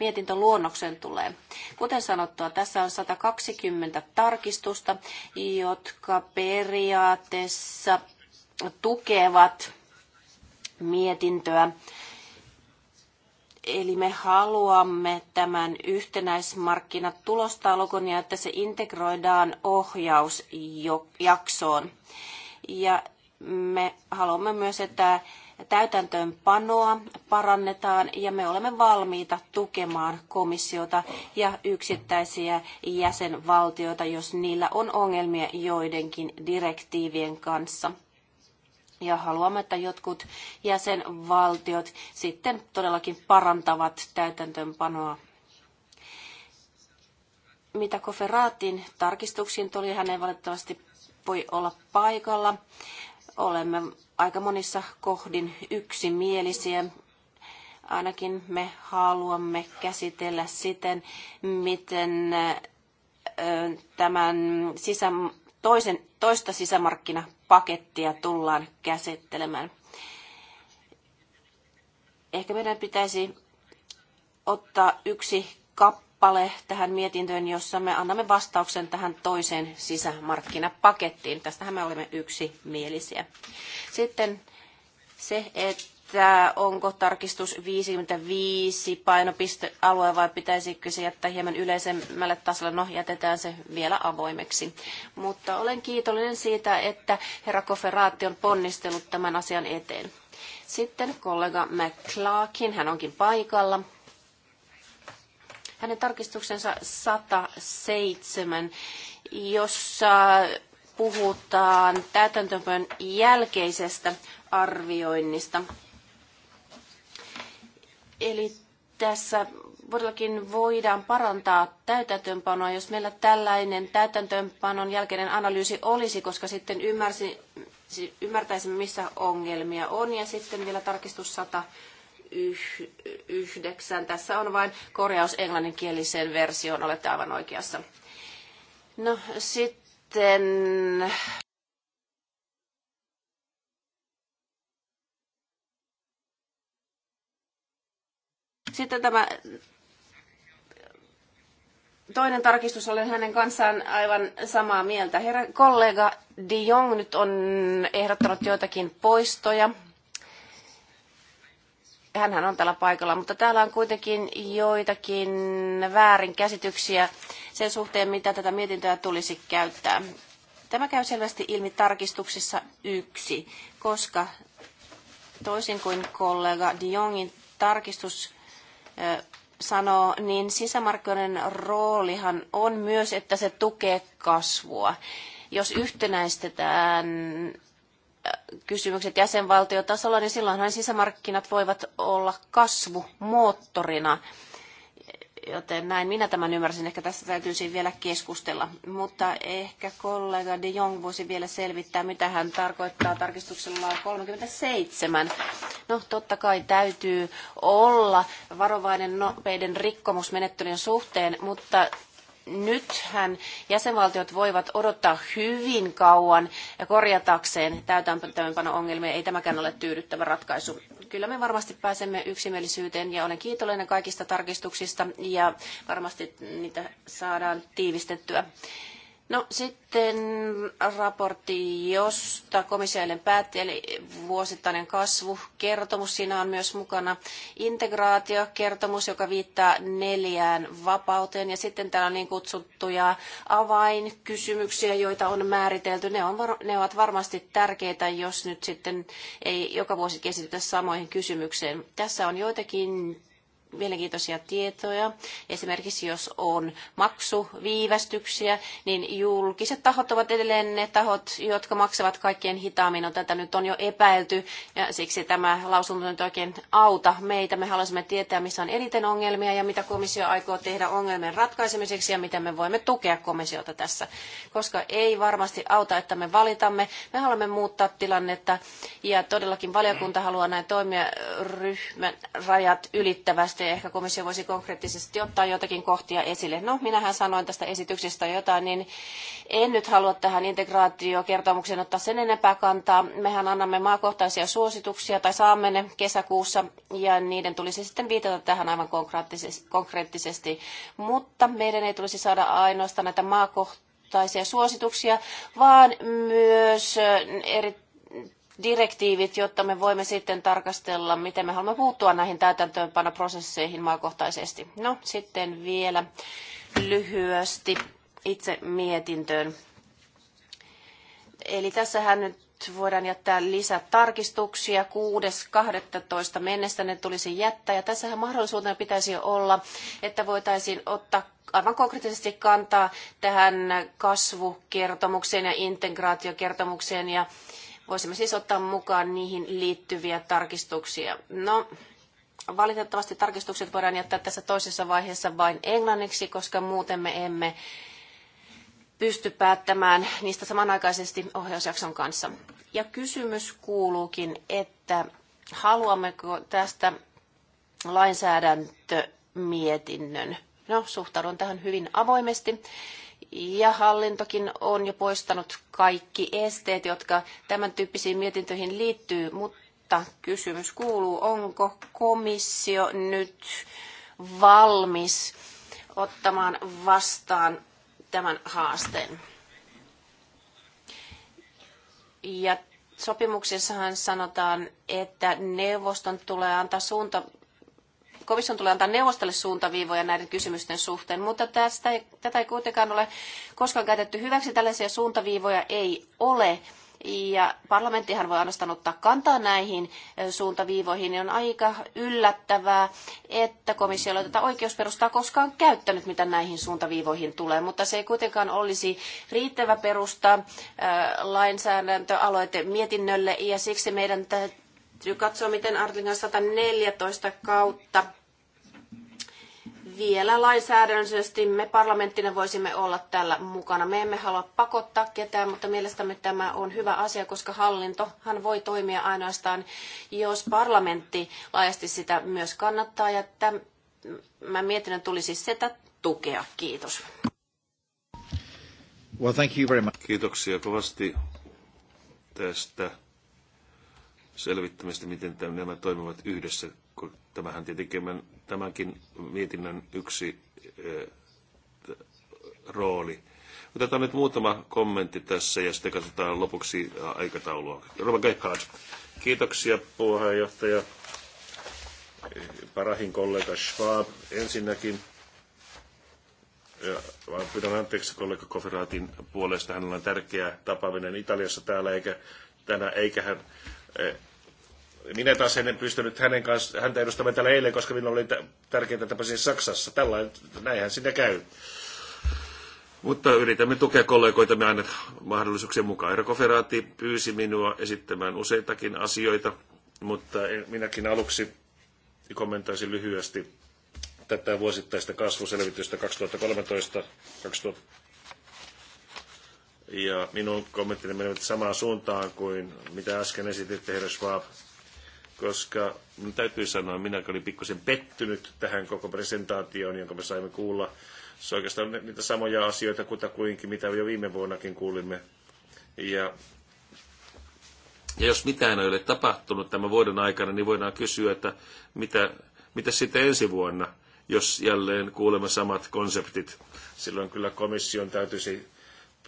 mietintöluonnoksen tulee. Kuten sanottua, tässä on 120 tarkistusta, jotka periaatteessa tukevat mietintöä Eli me haluamme tämän yhtenäismarkkinat tulostaulukon ja että se integroidaan ohjausjaksoon. Ja me haluamme myös, että täytäntöönpanoa parannetaan ja me olemme valmiita tukemaan komissiota ja yksittäisiä jäsenvaltioita, jos niillä on ongelmia joidenkin direktiivien kanssa. Ja haluamme, että jotkut jäsenvaltiot sitten todellakin parantavat täytäntöönpanoa. Mitä koferaatin tarkistuksiin tuli, hän ei valitettavasti voi olla paikalla. Olemme aika monissa kohdin yksimielisiä. Ainakin me haluamme käsitellä siten, miten tämän sisä, toisen, toista sisämarkkinapakettia tullaan käsittelemään. Ehkä meidän pitäisi ottaa yksi kappale tähän mietintöön, jossa me annamme vastauksen tähän toiseen sisämarkkinapakettiin. Tästähän me olemme yksimielisiä. Sitten se, että että onko tarkistus 55 painopistealue vai pitäisikö se jättää hieman yleisemmälle tasolle. No, jätetään se vielä avoimeksi. Mutta olen kiitollinen siitä, että herra Koferaatti on ponnistellut tämän asian eteen. Sitten kollega McClarkin, hän onkin paikalla. Hänen tarkistuksensa 107, jossa puhutaan täytäntöpön jälkeisestä arvioinnista. Eli tässä todellakin voidaan parantaa täytäntöönpanoa, jos meillä tällainen täytäntöönpanon jälkeinen analyysi olisi, koska sitten ymmärsi, ymmärtäisimme, missä ongelmia on. Ja sitten vielä tarkistus 109. Tässä on vain korjaus englanninkieliseen versioon, olette aivan oikeassa. No sitten Sitten tämä toinen tarkistus, olen hänen kanssaan aivan samaa mieltä. Herra kollega De Jong nyt on ehdottanut joitakin poistoja. Hänhän on täällä paikalla, mutta täällä on kuitenkin joitakin väärinkäsityksiä sen suhteen, mitä tätä mietintöä tulisi käyttää. Tämä käy selvästi ilmi tarkistuksessa yksi, koska toisin kuin kollega De Jongin tarkistus sanoo, niin sisämarkkinoiden roolihan on myös, että se tukee kasvua. Jos yhtenäistetään kysymykset jäsenvaltiotasolla, niin silloinhan sisämarkkinat voivat olla kasvumoottorina. Joten näin minä tämän ymmärsin. Ehkä tästä täytyisi vielä keskustella. Mutta ehkä kollega de Jong voisi vielä selvittää, mitä hän tarkoittaa tarkistuksella 37. No totta kai täytyy olla varovainen nopeiden rikkomusmenettelyjen suhteen, mutta nythän jäsenvaltiot voivat odottaa hyvin kauan ja korjatakseen täytäntöönpano ongelmia. Ei tämäkään ole tyydyttävä ratkaisu. Kyllä me varmasti pääsemme yksimielisyyteen ja olen kiitollinen kaikista tarkistuksista ja varmasti niitä saadaan tiivistettyä. No sitten raportti, josta komissio eilen päätti, eli vuosittainen kasvukertomus. Siinä on myös mukana integraatiokertomus, joka viittaa neljään vapauteen. Ja sitten täällä on niin kutsuttuja avainkysymyksiä, joita on määritelty. Ne, on, ne ovat varmasti tärkeitä, jos nyt sitten ei joka vuosi keskitytä samoihin kysymykseen. Tässä on joitakin mielenkiintoisia tietoja. Esimerkiksi jos on maksuviivästyksiä, niin julkiset tahot ovat edelleen ne tahot, jotka maksavat kaikkien hitaammin. No, tätä nyt on jo epäilty ja siksi tämä lausunto nyt oikein auta meitä. Me haluaisimme tietää, missä on eniten ongelmia ja mitä komissio aikoo tehdä ongelmien ratkaisemiseksi ja miten me voimme tukea komissiota tässä. Koska ei varmasti auta, että me valitamme. Me haluamme muuttaa tilannetta ja todellakin valiokunta haluaa näin toimia ryhmän rajat ylittävästi tarkasti ja ehkä komissio voisi konkreettisesti ottaa jotakin kohtia esille. No, minähän sanoin tästä esityksestä jotain, niin en nyt halua tähän integraatiokertomukseen ottaa sen enempää kantaa. Mehän annamme maakohtaisia suosituksia tai saamme ne kesäkuussa ja niiden tulisi sitten viitata tähän aivan konkreettisesti. Mutta meidän ei tulisi saada ainoastaan näitä maakohtaisia suosituksia, vaan myös äh, erittäin direktiivit, jotta me voimme sitten tarkastella, miten me haluamme puuttua näihin täytäntöönpanoprosesseihin maakohtaisesti. No sitten vielä lyhyesti itse mietintöön. Eli tässähän nyt voidaan jättää lisätarkistuksia 6.12. mennessä ne tulisi jättää. Ja tässähän mahdollisuutena pitäisi olla, että voitaisiin ottaa aivan konkreettisesti kantaa tähän kasvukertomukseen ja integraatiokertomukseen ja Voisimme siis ottaa mukaan niihin liittyviä tarkistuksia. No, valitettavasti tarkistukset voidaan jättää tässä toisessa vaiheessa vain englanniksi, koska muuten me emme pysty päättämään niistä samanaikaisesti ohjausjakson kanssa. Ja kysymys kuuluukin, että haluammeko tästä lainsäädäntömietinnön? No, suhtaudun tähän hyvin avoimesti ja hallintokin on jo poistanut kaikki esteet, jotka tämän tyyppisiin mietintöihin liittyy, mutta kysymys kuuluu, onko komissio nyt valmis ottamaan vastaan tämän haasteen? Ja sopimuksessahan sanotaan, että neuvoston tulee antaa suunta komission tulee antaa neuvostolle suuntaviivoja näiden kysymysten suhteen, mutta tästä, tätä ei kuitenkaan ole koskaan käytetty hyväksi. Tällaisia suuntaviivoja ei ole. Ja parlamenttihan voi ainoastaan ottaa kantaa näihin suuntaviivoihin, niin on aika yllättävää, että komissio ei tätä oikeusperustaa koskaan käyttänyt, mitä näihin suuntaviivoihin tulee, mutta se ei kuitenkaan olisi riittävä perusta lainsäädäntöaloite mietinnölle, ja siksi meidän täytyy katsoa, miten Artlingan 114 kautta vielä lainsäädännöllisesti me parlamenttina voisimme olla tällä mukana. Me emme halua pakottaa ketään, mutta mielestämme tämä on hyvä asia, koska hallintohan voi toimia ainoastaan, jos parlamentti laajasti sitä myös kannattaa. Ja tämän mietinnön tulisi sitä tukea. Kiitos. Well, thank you very much. Kiitoksia kovasti tästä selvittämistä, miten nämä toimivat yhdessä kun tämähän tietenkin tämänkin mietinnön yksi rooli. Otetaan nyt muutama kommentti tässä ja sitten katsotaan lopuksi aikataulua. Roman Gekhard, kiitoksia puheenjohtaja Parahin kollega Schwab. Ensinnäkin ja pyydän anteeksi kollega Koferaatin puolesta. Hänellä on tärkeä tapaaminen Italiassa täällä, eikä, tänä, eikä hän minä taas en pystynyt hänen kanssa, häntä edustamaan täällä eilen, koska minulla oli tärkeää tapasia Saksassa. Tällainen, näinhän sinne käy. Mutta yritämme tukea kollegoitamme aina mahdollisuuksien mukaan. Erkoferaatti pyysi minua esittämään useitakin asioita, mutta minäkin aluksi kommentoisin lyhyesti tätä vuosittaista kasvuselvitystä 2013 2000. Ja minun kommenttini menevät samaan suuntaan kuin mitä äsken esititte, herra Schwab koska täytyy sanoa, minä olin pikkusen pettynyt tähän koko presentaatioon, jonka me saimme kuulla. Se on oikeastaan niitä samoja asioita kutakuinkin, mitä jo viime vuonnakin kuulimme. Ja, ja jos mitään ei ole tapahtunut tämän vuoden aikana, niin voidaan kysyä, että mitä, mitä sitten ensi vuonna, jos jälleen kuulemme samat konseptit. Silloin kyllä komission täytyisi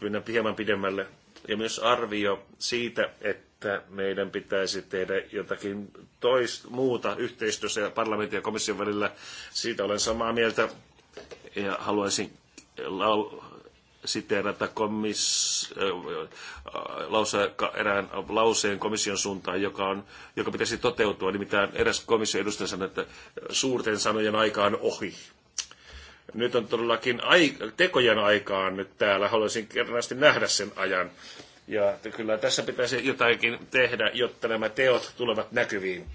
mennä hieman pidemmälle. Ja myös arvio siitä, että että meidän pitäisi tehdä jotakin toista, muuta yhteistyössä parlamentin ja komission välillä. Siitä olen samaa mieltä ja haluaisin lau- siteerata komis, äh, lause, erään lauseen komission suuntaan, joka, on, joka pitäisi toteutua. Nimittäin eräs komission edustaja sanoi, että suurten sanojen aika on ohi. Nyt on todellakin ai, tekojen aikaan nyt täällä. Haluaisin kerranasti nähdä sen ajan. Ja kyllä tässä pitäisi jotakin tehdä, jotta nämä teot tulevat näkyviin.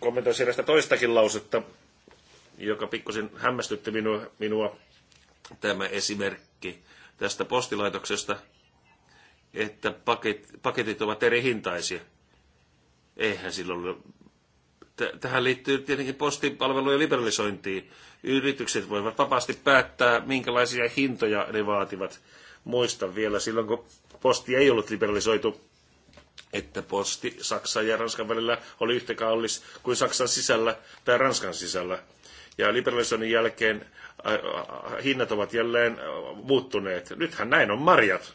Kommentoin siellä toistakin lausetta, joka pikkusin hämmästytti minua, minua tämä esimerkki tästä postilaitoksesta, että paket, paketit ovat eri hintaisia. Eihän silloin ole tähän liittyy tietenkin postipalvelujen liberalisointiin. Yritykset voivat vapaasti päättää, minkälaisia hintoja ne vaativat. Muistan vielä silloin, kun posti ei ollut liberalisoitu, että posti Saksan ja Ranskan välillä oli yhtä kallis kuin Saksan sisällä tai Ranskan sisällä. Ja liberalisoinnin jälkeen hinnat ovat jälleen muuttuneet. Nythän näin on marjat.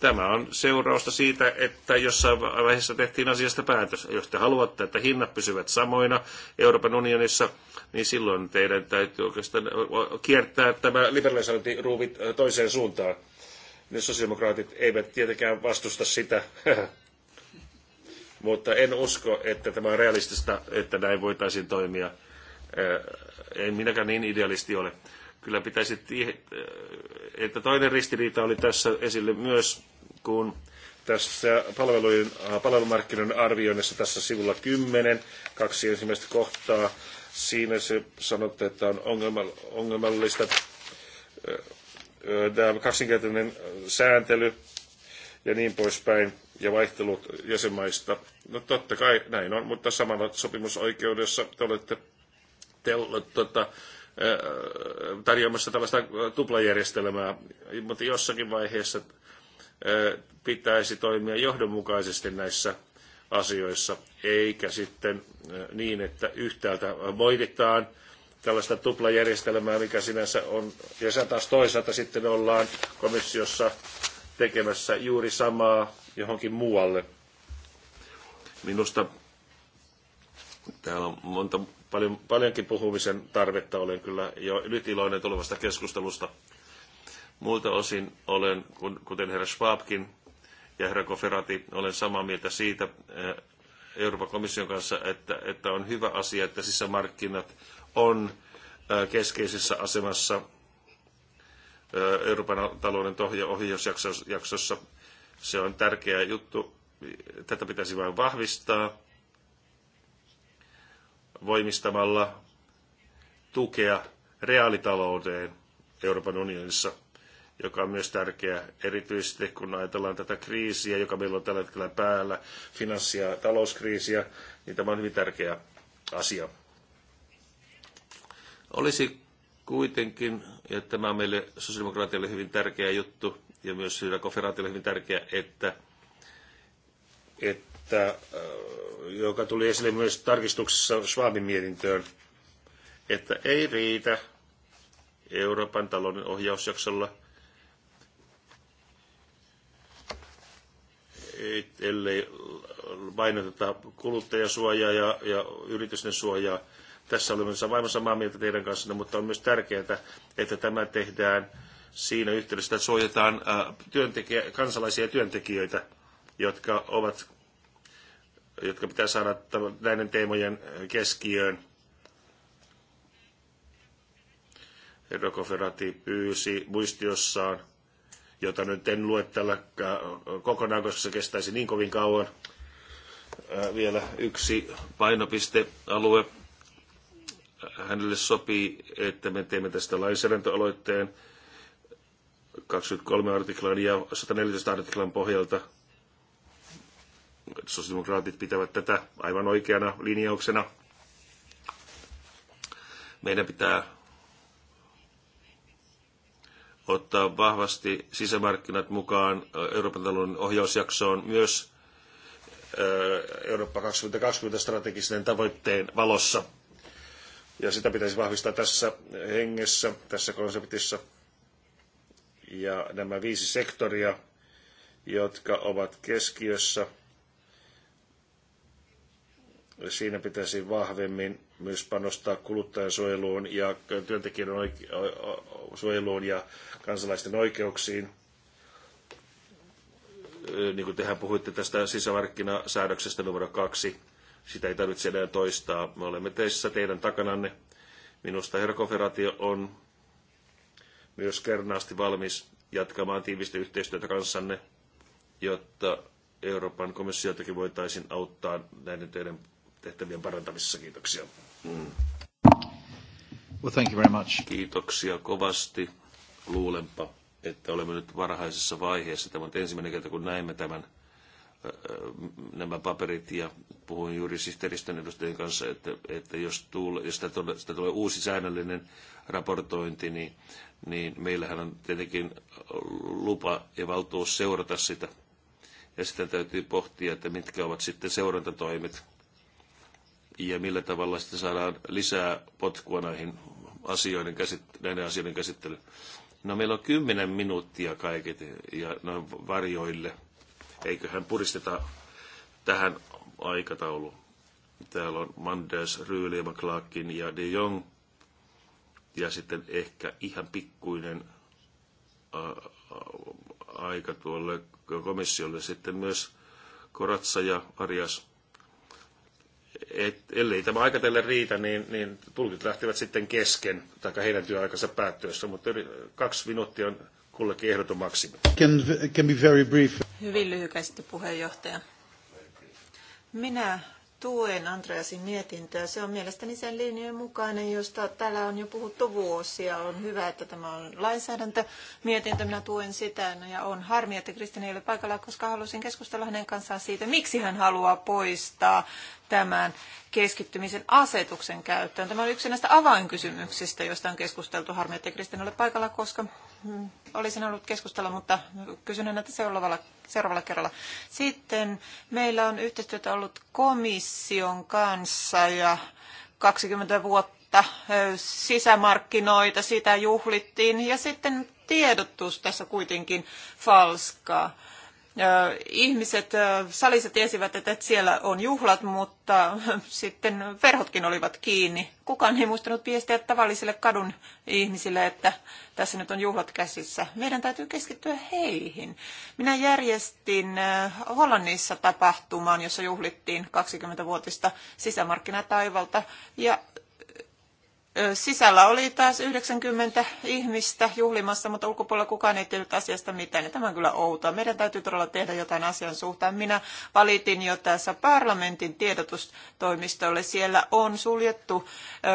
Tämä on seurausta siitä, että jossain vaiheessa tehtiin asiasta päätös. Jos te haluatte, että hinnat pysyvät samoina Euroopan unionissa, niin silloin teidän täytyy oikeastaan kiertää tämä liberalisointiruuvi toiseen suuntaan. Ne sosiaalidemokraatit eivät tietenkään vastusta sitä, mutta en usko, että tämä on realistista, että näin voitaisiin toimia. Äh, en minäkään niin idealisti ole. Kyllä pitäisi, äh, että toinen ristiriita oli tässä esille myös, kun tässä palvelujen, äh, palvelumarkkinoiden arvioinnissa tässä sivulla 10, kaksi ensimmäistä kohtaa, siinä se sanotte, että on ongelmallista tämä kaksinkertainen sääntely ja niin poispäin ja vaihtelut jäsenmaista. No totta kai näin on, mutta samalla sopimusoikeudessa te olette te, tota, tarjoamassa tällaista tuplajärjestelmää, mutta jossakin vaiheessa pitäisi toimia johdonmukaisesti näissä asioissa, eikä sitten niin, että yhtäältä voitetaan – tällaista tuplajärjestelmää, mikä sinänsä on. Ja sen taas toisaalta sitten ollaan komissiossa tekemässä juuri samaa johonkin muualle. Minusta täällä on monta, paljon, paljonkin puhumisen tarvetta. Olen kyllä jo nyt iloinen tulevasta keskustelusta. Muilta osin olen, kuten herra Schwabkin ja herra Koferati, olen samaa mieltä siitä eh, Euroopan komission kanssa, että, että on hyvä asia, että sisämarkkinat on keskeisessä asemassa Euroopan talouden ohjausjaksossa. Se on tärkeä juttu. Tätä pitäisi vain vahvistaa voimistamalla tukea reaalitalouteen Euroopan unionissa, joka on myös tärkeä erityisesti, kun ajatellaan tätä kriisiä, joka meillä on tällä hetkellä päällä, finanssia, talouskriisiä, niin tämä on hyvin tärkeä asia. Olisi kuitenkin, ja tämä on meille sosiaalidemokraatille hyvin tärkeä juttu, ja myös sillä konferaatiolle hyvin tärkeä, että, että, äh, joka tuli esille myös tarkistuksessa Schwabin mietintöön, että ei riitä Euroopan talouden ohjausjaksolla, ellei painoteta kuluttajasuojaa ja, ja yritysten suojaa, tässä olemme aivan samaa mieltä teidän kanssanne, mutta on myös tärkeää, että tämä tehdään siinä yhteydessä, että suojataan työntekijä, kansalaisia työntekijöitä, jotka, ovat, jotka pitää saada näiden teemojen keskiöön. Rokoferati pyysi muistiossaan, jota nyt en lue tällä kokonaan, koska se kestäisi niin kovin kauan, vielä yksi painopistealue hänelle sopii, että me teemme tästä lainsäädäntöaloitteen 23 artiklan ja 114 artiklan pohjalta. Sosiaalidemokraatit pitävät tätä aivan oikeana linjauksena. Meidän pitää ottaa vahvasti sisämarkkinat mukaan Euroopan talouden ohjausjaksoon myös Eurooppa 2020 strategisen tavoitteen valossa ja sitä pitäisi vahvistaa tässä hengessä, tässä konseptissa. Ja nämä viisi sektoria, jotka ovat keskiössä, siinä pitäisi vahvemmin myös panostaa kuluttajansuojeluun ja työntekijän suojeluun ja kansalaisten oikeuksiin. Niin kuin tehän puhuitte tästä sisämarkkinasäädöksestä numero kaksi, sitä ei tarvitse enää toistaa. Me olemme teissä teidän takananne. Minusta herkoferaatio on myös kernaasti valmis jatkamaan tiivistä yhteistyötä kanssanne, jotta Euroopan komissiotakin voitaisiin auttaa näiden teidän tehtävien parantamisessa. Kiitoksia. Mm. Well, thank you very much. Kiitoksia kovasti. Luulenpa, että olemme nyt varhaisessa vaiheessa. Tämä on ensimmäinen kerta, kun näemme tämän nämä paperit ja puhuin juuri sihteeristön edustajien kanssa, että, että jos, tuule, jos sitä, sitä tulee uusi säännöllinen raportointi, niin, niin meillähän on tietenkin lupa ja valtuus seurata sitä. Ja sitten täytyy pohtia, että mitkä ovat sitten seurantatoimet ja millä tavalla sitten saadaan lisää potkua näihin asioiden käsitt- näiden asioiden käsittelyyn. No meillä on kymmenen minuuttia kaiket ja noin varjoille – eiköhän puristeta tähän aikatauluun. Täällä on Manders, Ryyli, McClarkin ja De Jong. Ja sitten ehkä ihan pikkuinen aika tuolle komissiolle sitten myös Koratsa ja Arias. Et, ellei tämä aika teille riitä, niin, niin tulkit lähtevät sitten kesken, tai heidän työaikansa päättyessä, mutta kaksi minuuttia on kullekin ehdoton Can, can be very brief. Hyvin lyhykäisesti puheenjohtaja. Minä tuen Andreasin mietintöä. Se on mielestäni sen linjojen mukainen, josta täällä on jo puhuttu vuosia. On hyvä, että tämä on Mietintö Minä tuen sitä ja on harmi, että Kristina ei ole paikalla, koska halusin keskustella hänen kanssaan siitä, miksi hän haluaa poistaa tämän keskittymisen asetuksen käyttöön. Tämä on yksi näistä avainkysymyksistä, joista on keskusteltu. Harmi, että Kristin ole paikalla, koska mm, olisin ollut keskustella, mutta kysyn näitä seuraavalla, seuraavalla kerralla. Sitten meillä on yhteistyötä ollut komission kanssa ja 20 vuotta sisämarkkinoita, sitä juhlittiin ja sitten tiedotus tässä kuitenkin falskaa ihmiset salissa tiesivät, että siellä on juhlat, mutta sitten verhotkin olivat kiinni. Kukaan ei muistanut viestiä tavallisille kadun ihmisille, että tässä nyt on juhlat käsissä. Meidän täytyy keskittyä heihin. Minä järjestin Hollannissa tapahtumaan, jossa juhlittiin 20-vuotista sisämarkkinataivalta. Ja Sisällä oli taas 90 ihmistä juhlimassa, mutta ulkopuolella kukaan ei tiennyt asiasta mitään. Ja tämä on kyllä outoa. Meidän täytyy todella tehdä jotain asian suhteen. Minä valitin jo tässä parlamentin tiedotustoimistolle. Siellä on suljettu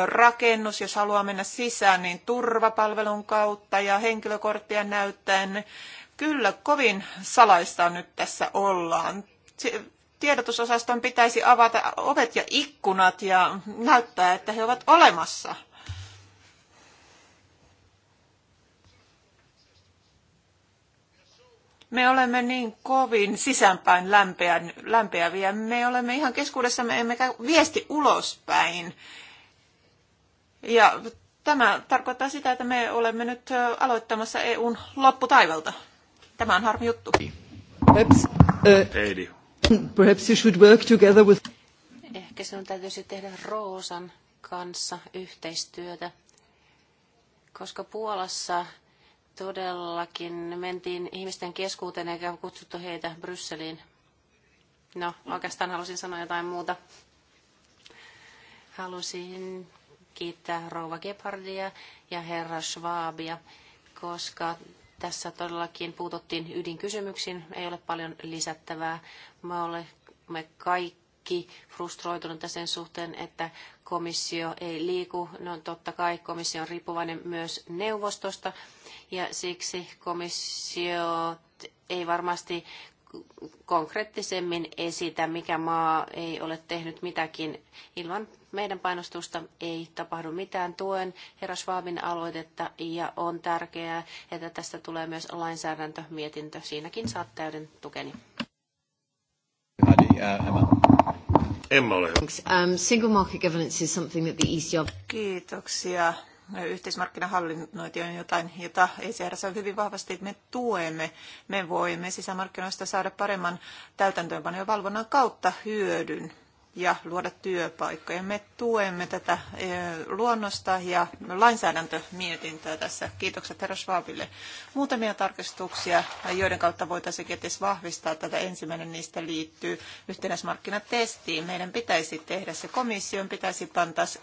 rakennus, jos haluaa mennä sisään, niin turvapalvelun kautta ja henkilökorttia näyttäen. Kyllä kovin salaista nyt tässä ollaan tiedotusosaston pitäisi avata ovet ja ikkunat ja näyttää, että he ovat olemassa. Me olemme niin kovin sisäänpäin lämpeän, lämpeäviä. Me olemme ihan keskuudessamme, emmekä viesti ulospäin. Ja tämä tarkoittaa sitä, että me olemme nyt aloittamassa EUn lopputaivalta. Tämä on harmi juttu. Niin. Perhaps, uh, perhaps you should work together with... Ehkä sinun täytyisi tehdä Roosan kanssa yhteistyötä, koska Puolassa todellakin mentiin ihmisten keskuuteen eikä kutsuttu heitä Brysseliin. No, oikeastaan halusin sanoa jotain muuta. Halusin kiittää Rouva Gebhardia ja herra Schwabia, koska tässä todellakin puututtiin ydinkysymyksiin. Ei ole paljon lisättävää. Me olemme kaikki frustroituneita sen suhteen, että komissio ei liiku. No totta kai komissio on riippuvainen myös neuvostosta, ja siksi komissio ei varmasti konkreettisemmin esitä, mikä maa ei ole tehnyt mitäkin. Ilman meidän painostusta ei tapahdu mitään tuen herra Schwabin aloitetta ja on tärkeää, että tästä tulee myös lainsäädäntömietintö. Siinäkin saat täyden tukeni. Emma, ole um, Single market is something that the Kiitoksia yhteismarkkinahallinnointi on jotain, jota ECRS on hyvin vahvasti me tuemme. Me voimme sisämarkkinoista saada paremman täytäntöönpanon ja valvonnan kautta hyödyn ja luoda työpaikkoja. Me tuemme tätä eh, luonnosta ja lainsäädäntömietintöä tässä. Kiitokset herra Schwabille. Muutamia tarkistuksia, joiden kautta voitaisiin kenties vahvistaa tätä. Ensimmäinen niistä liittyy yhtenäismarkkinatestiin. Meidän pitäisi tehdä se komission, pitäisi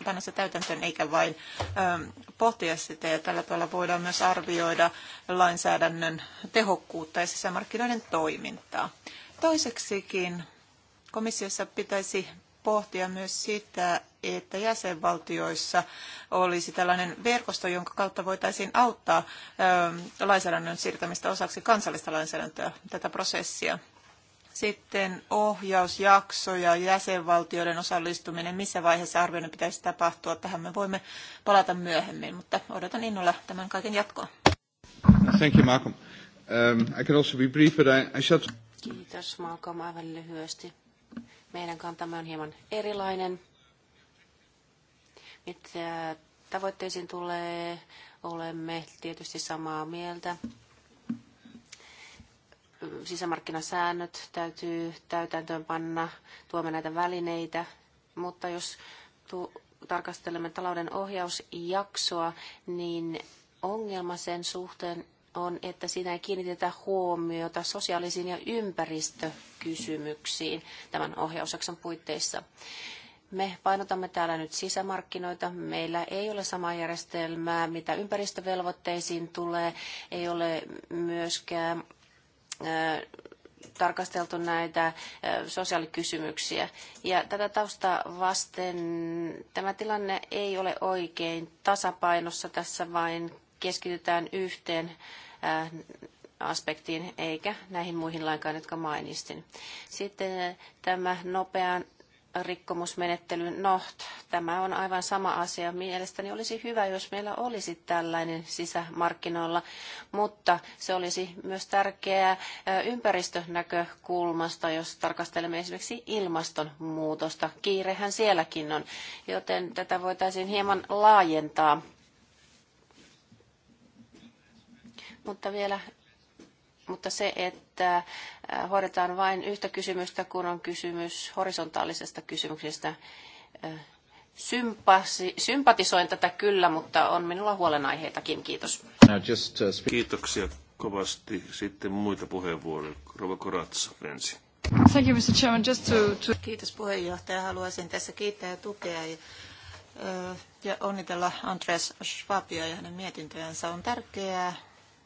panna se täytäntöön eikä vain ähm, pohtia sitä. Ja tällä tavalla voidaan myös arvioida lainsäädännön tehokkuutta ja sisämarkkinoiden toimintaa. Toiseksikin komissiossa pitäisi pohtia myös sitä, että jäsenvaltioissa olisi tällainen verkosto, jonka kautta voitaisiin auttaa ähm, lainsäädännön siirtämistä osaksi kansallista lainsäädäntöä, tätä prosessia. Sitten ja jäsenvaltioiden osallistuminen, missä vaiheessa arvioinnin pitäisi tapahtua. Tähän me voimme palata myöhemmin, mutta odotan innolla tämän kaiken jatkoa. Thank you, Malcolm. Um, I can also be brief, but I, I Kiitos, Malcolm, aivan lyhyesti meidän kantamme on hieman erilainen. Mitä tavoitteisiin tulee, olemme tietysti samaa mieltä. Sisämarkkinasäännöt täytyy täytäntöön panna, tuomme näitä välineitä, mutta jos tu- tarkastelemme talouden ohjausjaksoa, niin ongelma sen suhteen, on, että siinä ei kiinnitetä huomiota sosiaalisiin ja ympäristökysymyksiin tämän ohjausjakson puitteissa. Me painotamme täällä nyt sisämarkkinoita. Meillä ei ole samaa järjestelmää, mitä ympäristövelvoitteisiin tulee. Ei ole myöskään tarkasteltu näitä sosiaalikysymyksiä. Ja tätä tausta vasten tämä tilanne ei ole oikein tasapainossa. Tässä vain keskitytään yhteen äh, aspektiin eikä näihin muihin lainkaan, jotka mainitsin. Sitten äh, tämä nopean rikkomusmenettelyn noht. Tämä on aivan sama asia. Mielestäni olisi hyvä, jos meillä olisi tällainen sisämarkkinoilla, mutta se olisi myös tärkeää äh, ympäristönäkökulmasta, jos tarkastelemme esimerkiksi ilmastonmuutosta. Kiirehän sielläkin on, joten tätä voitaisiin hieman laajentaa Mutta vielä mutta se, että äh, hoidetaan vain yhtä kysymystä, kun on kysymys horisontaalisesta kysymyksestä, äh, sympasi, sympatisoin tätä kyllä, mutta on minulla huolenaiheitakin. Kiitos. Uh, Kiitoksia kovasti. Sitten muita puheenvuoroja. Rova Koratsa ensin. Thank you, Mr. Chairman. Just to, to... Kiitos puheenjohtaja. Haluaisin tässä kiittää ja tukea ja, ja onnitella Andres Schwabia ja hänen mietintöjänsä. On tärkeää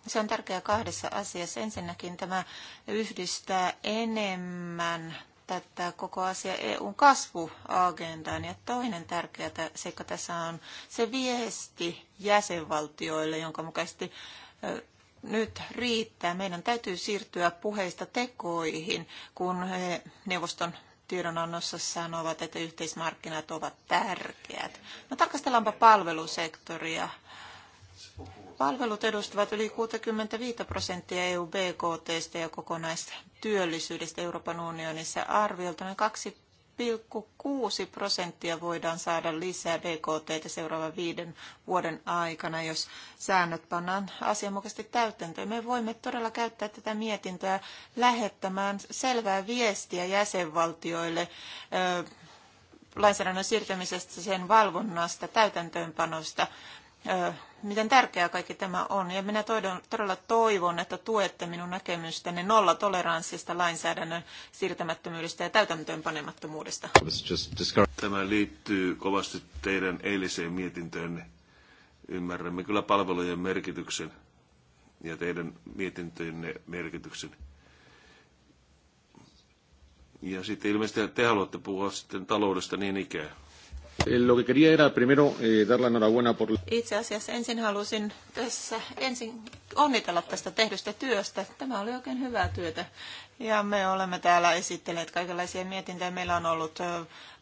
se on tärkeää kahdessa asiassa. Ensinnäkin tämä yhdistää enemmän tätä koko asia EUn kasvuagendaan. Ja toinen tärkeä seikka tässä on se viesti jäsenvaltioille, jonka mukaisesti nyt riittää. Meidän täytyy siirtyä puheista tekoihin, kun he neuvoston tiedonannossa sanovat, että yhteismarkkinat ovat tärkeät. No tarkastellaanpa palvelusektoria. Palvelut edustavat yli 65 prosenttia EU-BKTstä ja kokonaistyöllisyydestä Euroopan unionissa arviolta noin 2,6 prosenttia voidaan saada lisää BKT seuraavan viiden vuoden aikana, jos säännöt pannaan asianmukaisesti täytäntöön. Me voimme todella käyttää tätä mietintöä lähettämään selvää viestiä jäsenvaltioille lainsäädännön siirtämisestä, sen valvonnasta, täytäntöönpanosta miten tärkeää kaikki tämä on. Ja minä todella toivon, että tuette minun näkemystäni nollatoleranssista lainsäädännön siirtämättömyydestä ja täytäntöönpanemattomuudesta. Tämä liittyy kovasti teidän eiliseen mietintöönne. Ymmärrämme kyllä palvelujen merkityksen ja teidän mietintöjenne merkityksen. Ja sitten ilmeisesti te haluatte puhua sitten taloudesta niin ikään. Eh, lo que quería era primero eh, dar la enhorabuena por... Itse asiassa ensin halusin tässä ensin onnitella tästä tehdystä työstä. Tämä oli oikein hyvää työtä. Ja me olemme täällä esitteleet kaikenlaisia mietintöjä. Meillä on ollut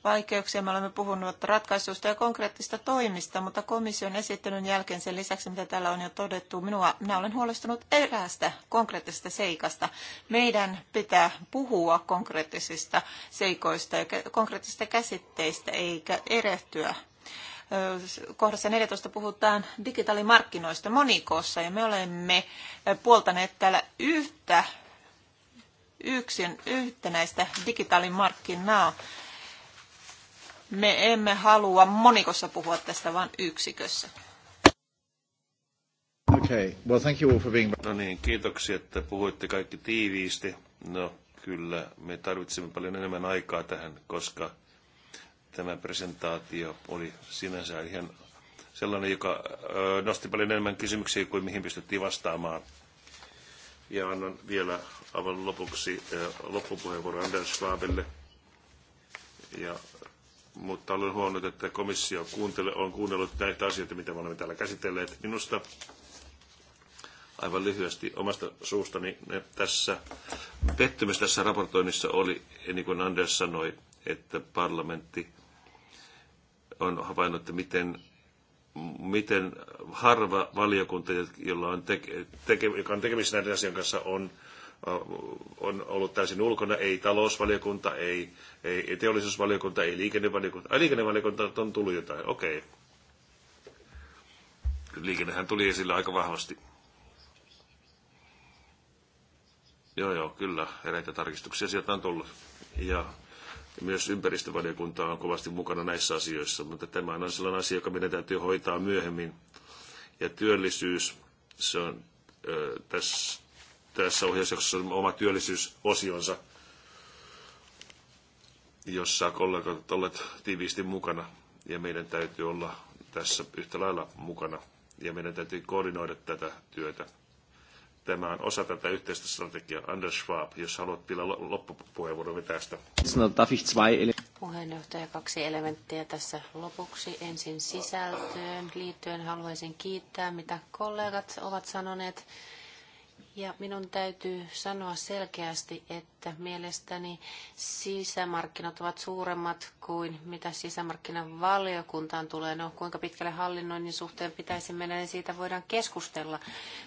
vaikeuksia. Me olemme puhunut ratkaisuista ja konkreettista toimista, mutta komission esittelyn jälkeen sen lisäksi, mitä täällä on jo todettu, minua, minä olen huolestunut eräästä konkreettisesta seikasta. Meidän pitää puhua konkreettisista seikoista ja konkreettisista käsitteistä, eikä erehtyä kohdassa 14 puhutaan digitaalimarkkinoista monikossa ja me olemme puoltaneet täällä yhtä yksin yhtenäistä digitaalimarkkinaa. Me emme halua monikossa puhua tästä, vaan yksikössä. Okay. Well, thank you all for being... No niin, kiitoksia, että puhuitte kaikki tiiviisti. No, kyllä, me tarvitsemme paljon enemmän aikaa tähän, koska tämä presentaatio oli sinänsä ihan sellainen, joka nosti paljon enemmän kysymyksiä kuin mihin pystyttiin vastaamaan. Ja annan vielä aivan lopuksi loppupuheenvuoron Anders Schwabelle. Ja, mutta olen huomannut, että komissio kuuntele, on kuunnellut näitä asioita, mitä me olemme täällä käsitelleet. Minusta aivan lyhyesti omasta suustani tässä pettymys tässä raportoinnissa oli, niin kuin Anders sanoi, että parlamentti on havainnut, että miten miten harva valiokunta, jolla on teke, teke, joka on tekemisissä näiden asian kanssa, on, on ollut täysin ulkona. Ei talousvaliokunta, ei, ei, ei teollisuusvaliokunta, ei liikennevaliokunta. Ai liikennevaliokunta on tullut jotain, okei. Okay. Liikennehän tuli esille aika vahvasti. Joo, joo, kyllä. Eräitä tarkistuksia sieltä on tullut. Ja myös ympäristövaliokunta on kovasti mukana näissä asioissa, mutta tämä on sellainen asia, joka meidän täytyy hoitaa myöhemmin. Ja työllisyys, se on ö, tässä, tässä ohjausjaksossa on oma työllisyysosionsa, jossa kollegat ovat olleet tiiviisti mukana. Ja meidän täytyy olla tässä yhtä lailla mukana ja meidän täytyy koordinoida tätä työtä. Tämä on osa tätä yhteistä strategiaa. Anders Schwab, jos haluat vielä loppupuheenvuoron tästä. No, Puheenjohtaja, kaksi elementtiä tässä lopuksi. Ensin sisältöön liittyen haluaisin kiittää, mitä kollegat ovat sanoneet. Ja minun täytyy sanoa selkeästi, että mielestäni sisämarkkinat ovat suuremmat kuin mitä sisämarkkinan valiokuntaan tulee. No, kuinka pitkälle hallinnoinnin suhteen pitäisi mennä, niin siitä voidaan keskustella.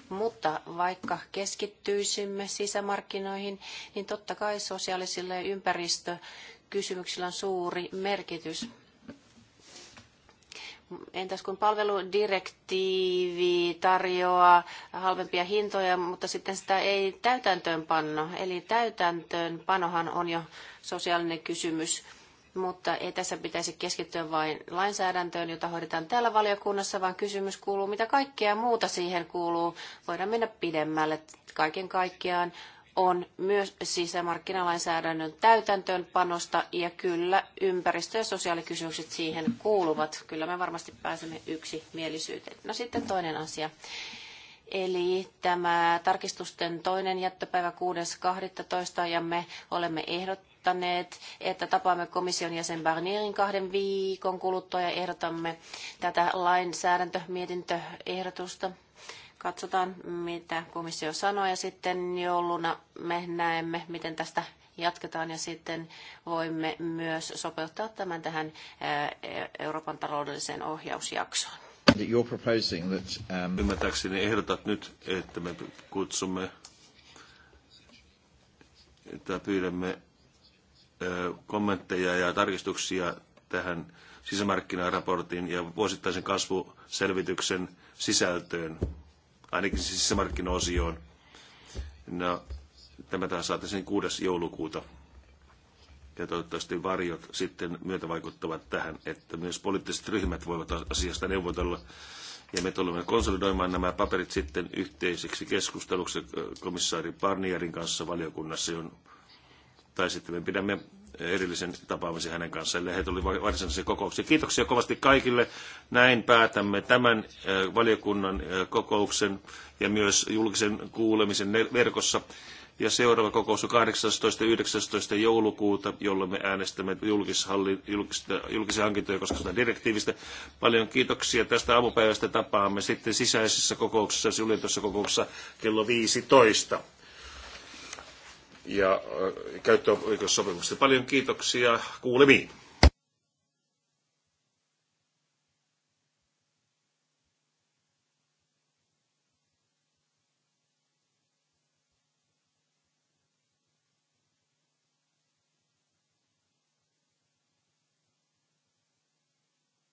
Mutta vaikka keskittyisimme sisämarkkinoihin, niin totta kai sosiaalisille ympäristö ympäristökysymyksillä on suuri merkitys. Entäs kun palveludirektiivi tarjoaa halvempia hintoja, mutta sitten sitä ei täytäntöönpanno, Eli täytäntöönpanohan on jo sosiaalinen kysymys, mutta ei tässä pitäisi keskittyä vain lainsäädäntöön, jota hoidetaan täällä valiokunnassa, vaan kysymys kuuluu, mitä kaikkea muuta siihen kuuluu. Voidaan mennä pidemmälle kaiken kaikkiaan on myös sisämarkkinalainsäädännön täytäntöönpanosta ja kyllä ympäristö- ja sosiaalikysymykset siihen kuuluvat. Kyllä me varmasti pääsemme yksimielisyyteen. No sitten toinen asia. Eli tämä tarkistusten toinen jättöpäivä 6.12. ja me olemme ehdottaneet, että tapaamme komission jäsen Barnierin kahden viikon kuluttua ja ehdotamme tätä lainsäädäntömietintöehdotusta. Katsotaan, mitä komissio sanoo ja sitten jouluna me näemme, miten tästä jatketaan ja sitten voimme myös sopeuttaa tämän tähän Euroopan taloudelliseen ohjausjaksoon. Um, Ymmärtääkseni ehdotat nyt, että me kutsumme että pyydämme kommentteja ja tarkistuksia tähän sisämarkkinaraportin ja vuosittaisen kasvuselvityksen sisältöön ainakin siis osioon No, tämä taas saataisiin 6. joulukuuta. Ja toivottavasti varjot sitten myötävaikuttavat tähän, että myös poliittiset ryhmät voivat asiasta neuvotella. Ja me tulemme konsolidoimaan nämä paperit sitten yhteiseksi keskusteluksi komissaari Barnierin kanssa valiokunnassa, tai sitten me pidämme erillisen tapaamisen hänen kanssaan, eli he tuli varsinaisen kokouksen. Kiitoksia kovasti kaikille. Näin päätämme tämän valiokunnan kokouksen ja myös julkisen kuulemisen verkossa. Ja seuraava kokous on 18. 19. joulukuuta, jolloin me äänestämme julkisia hankintoja koskevasta direktiivistä. Paljon kiitoksia tästä aamupäivästä. Tapaamme sitten sisäisessä kokouksessa, suljetussa kokouksessa kello 15 ja käyttöoikeussopimuksesta. Paljon kiitoksia kuulemiin.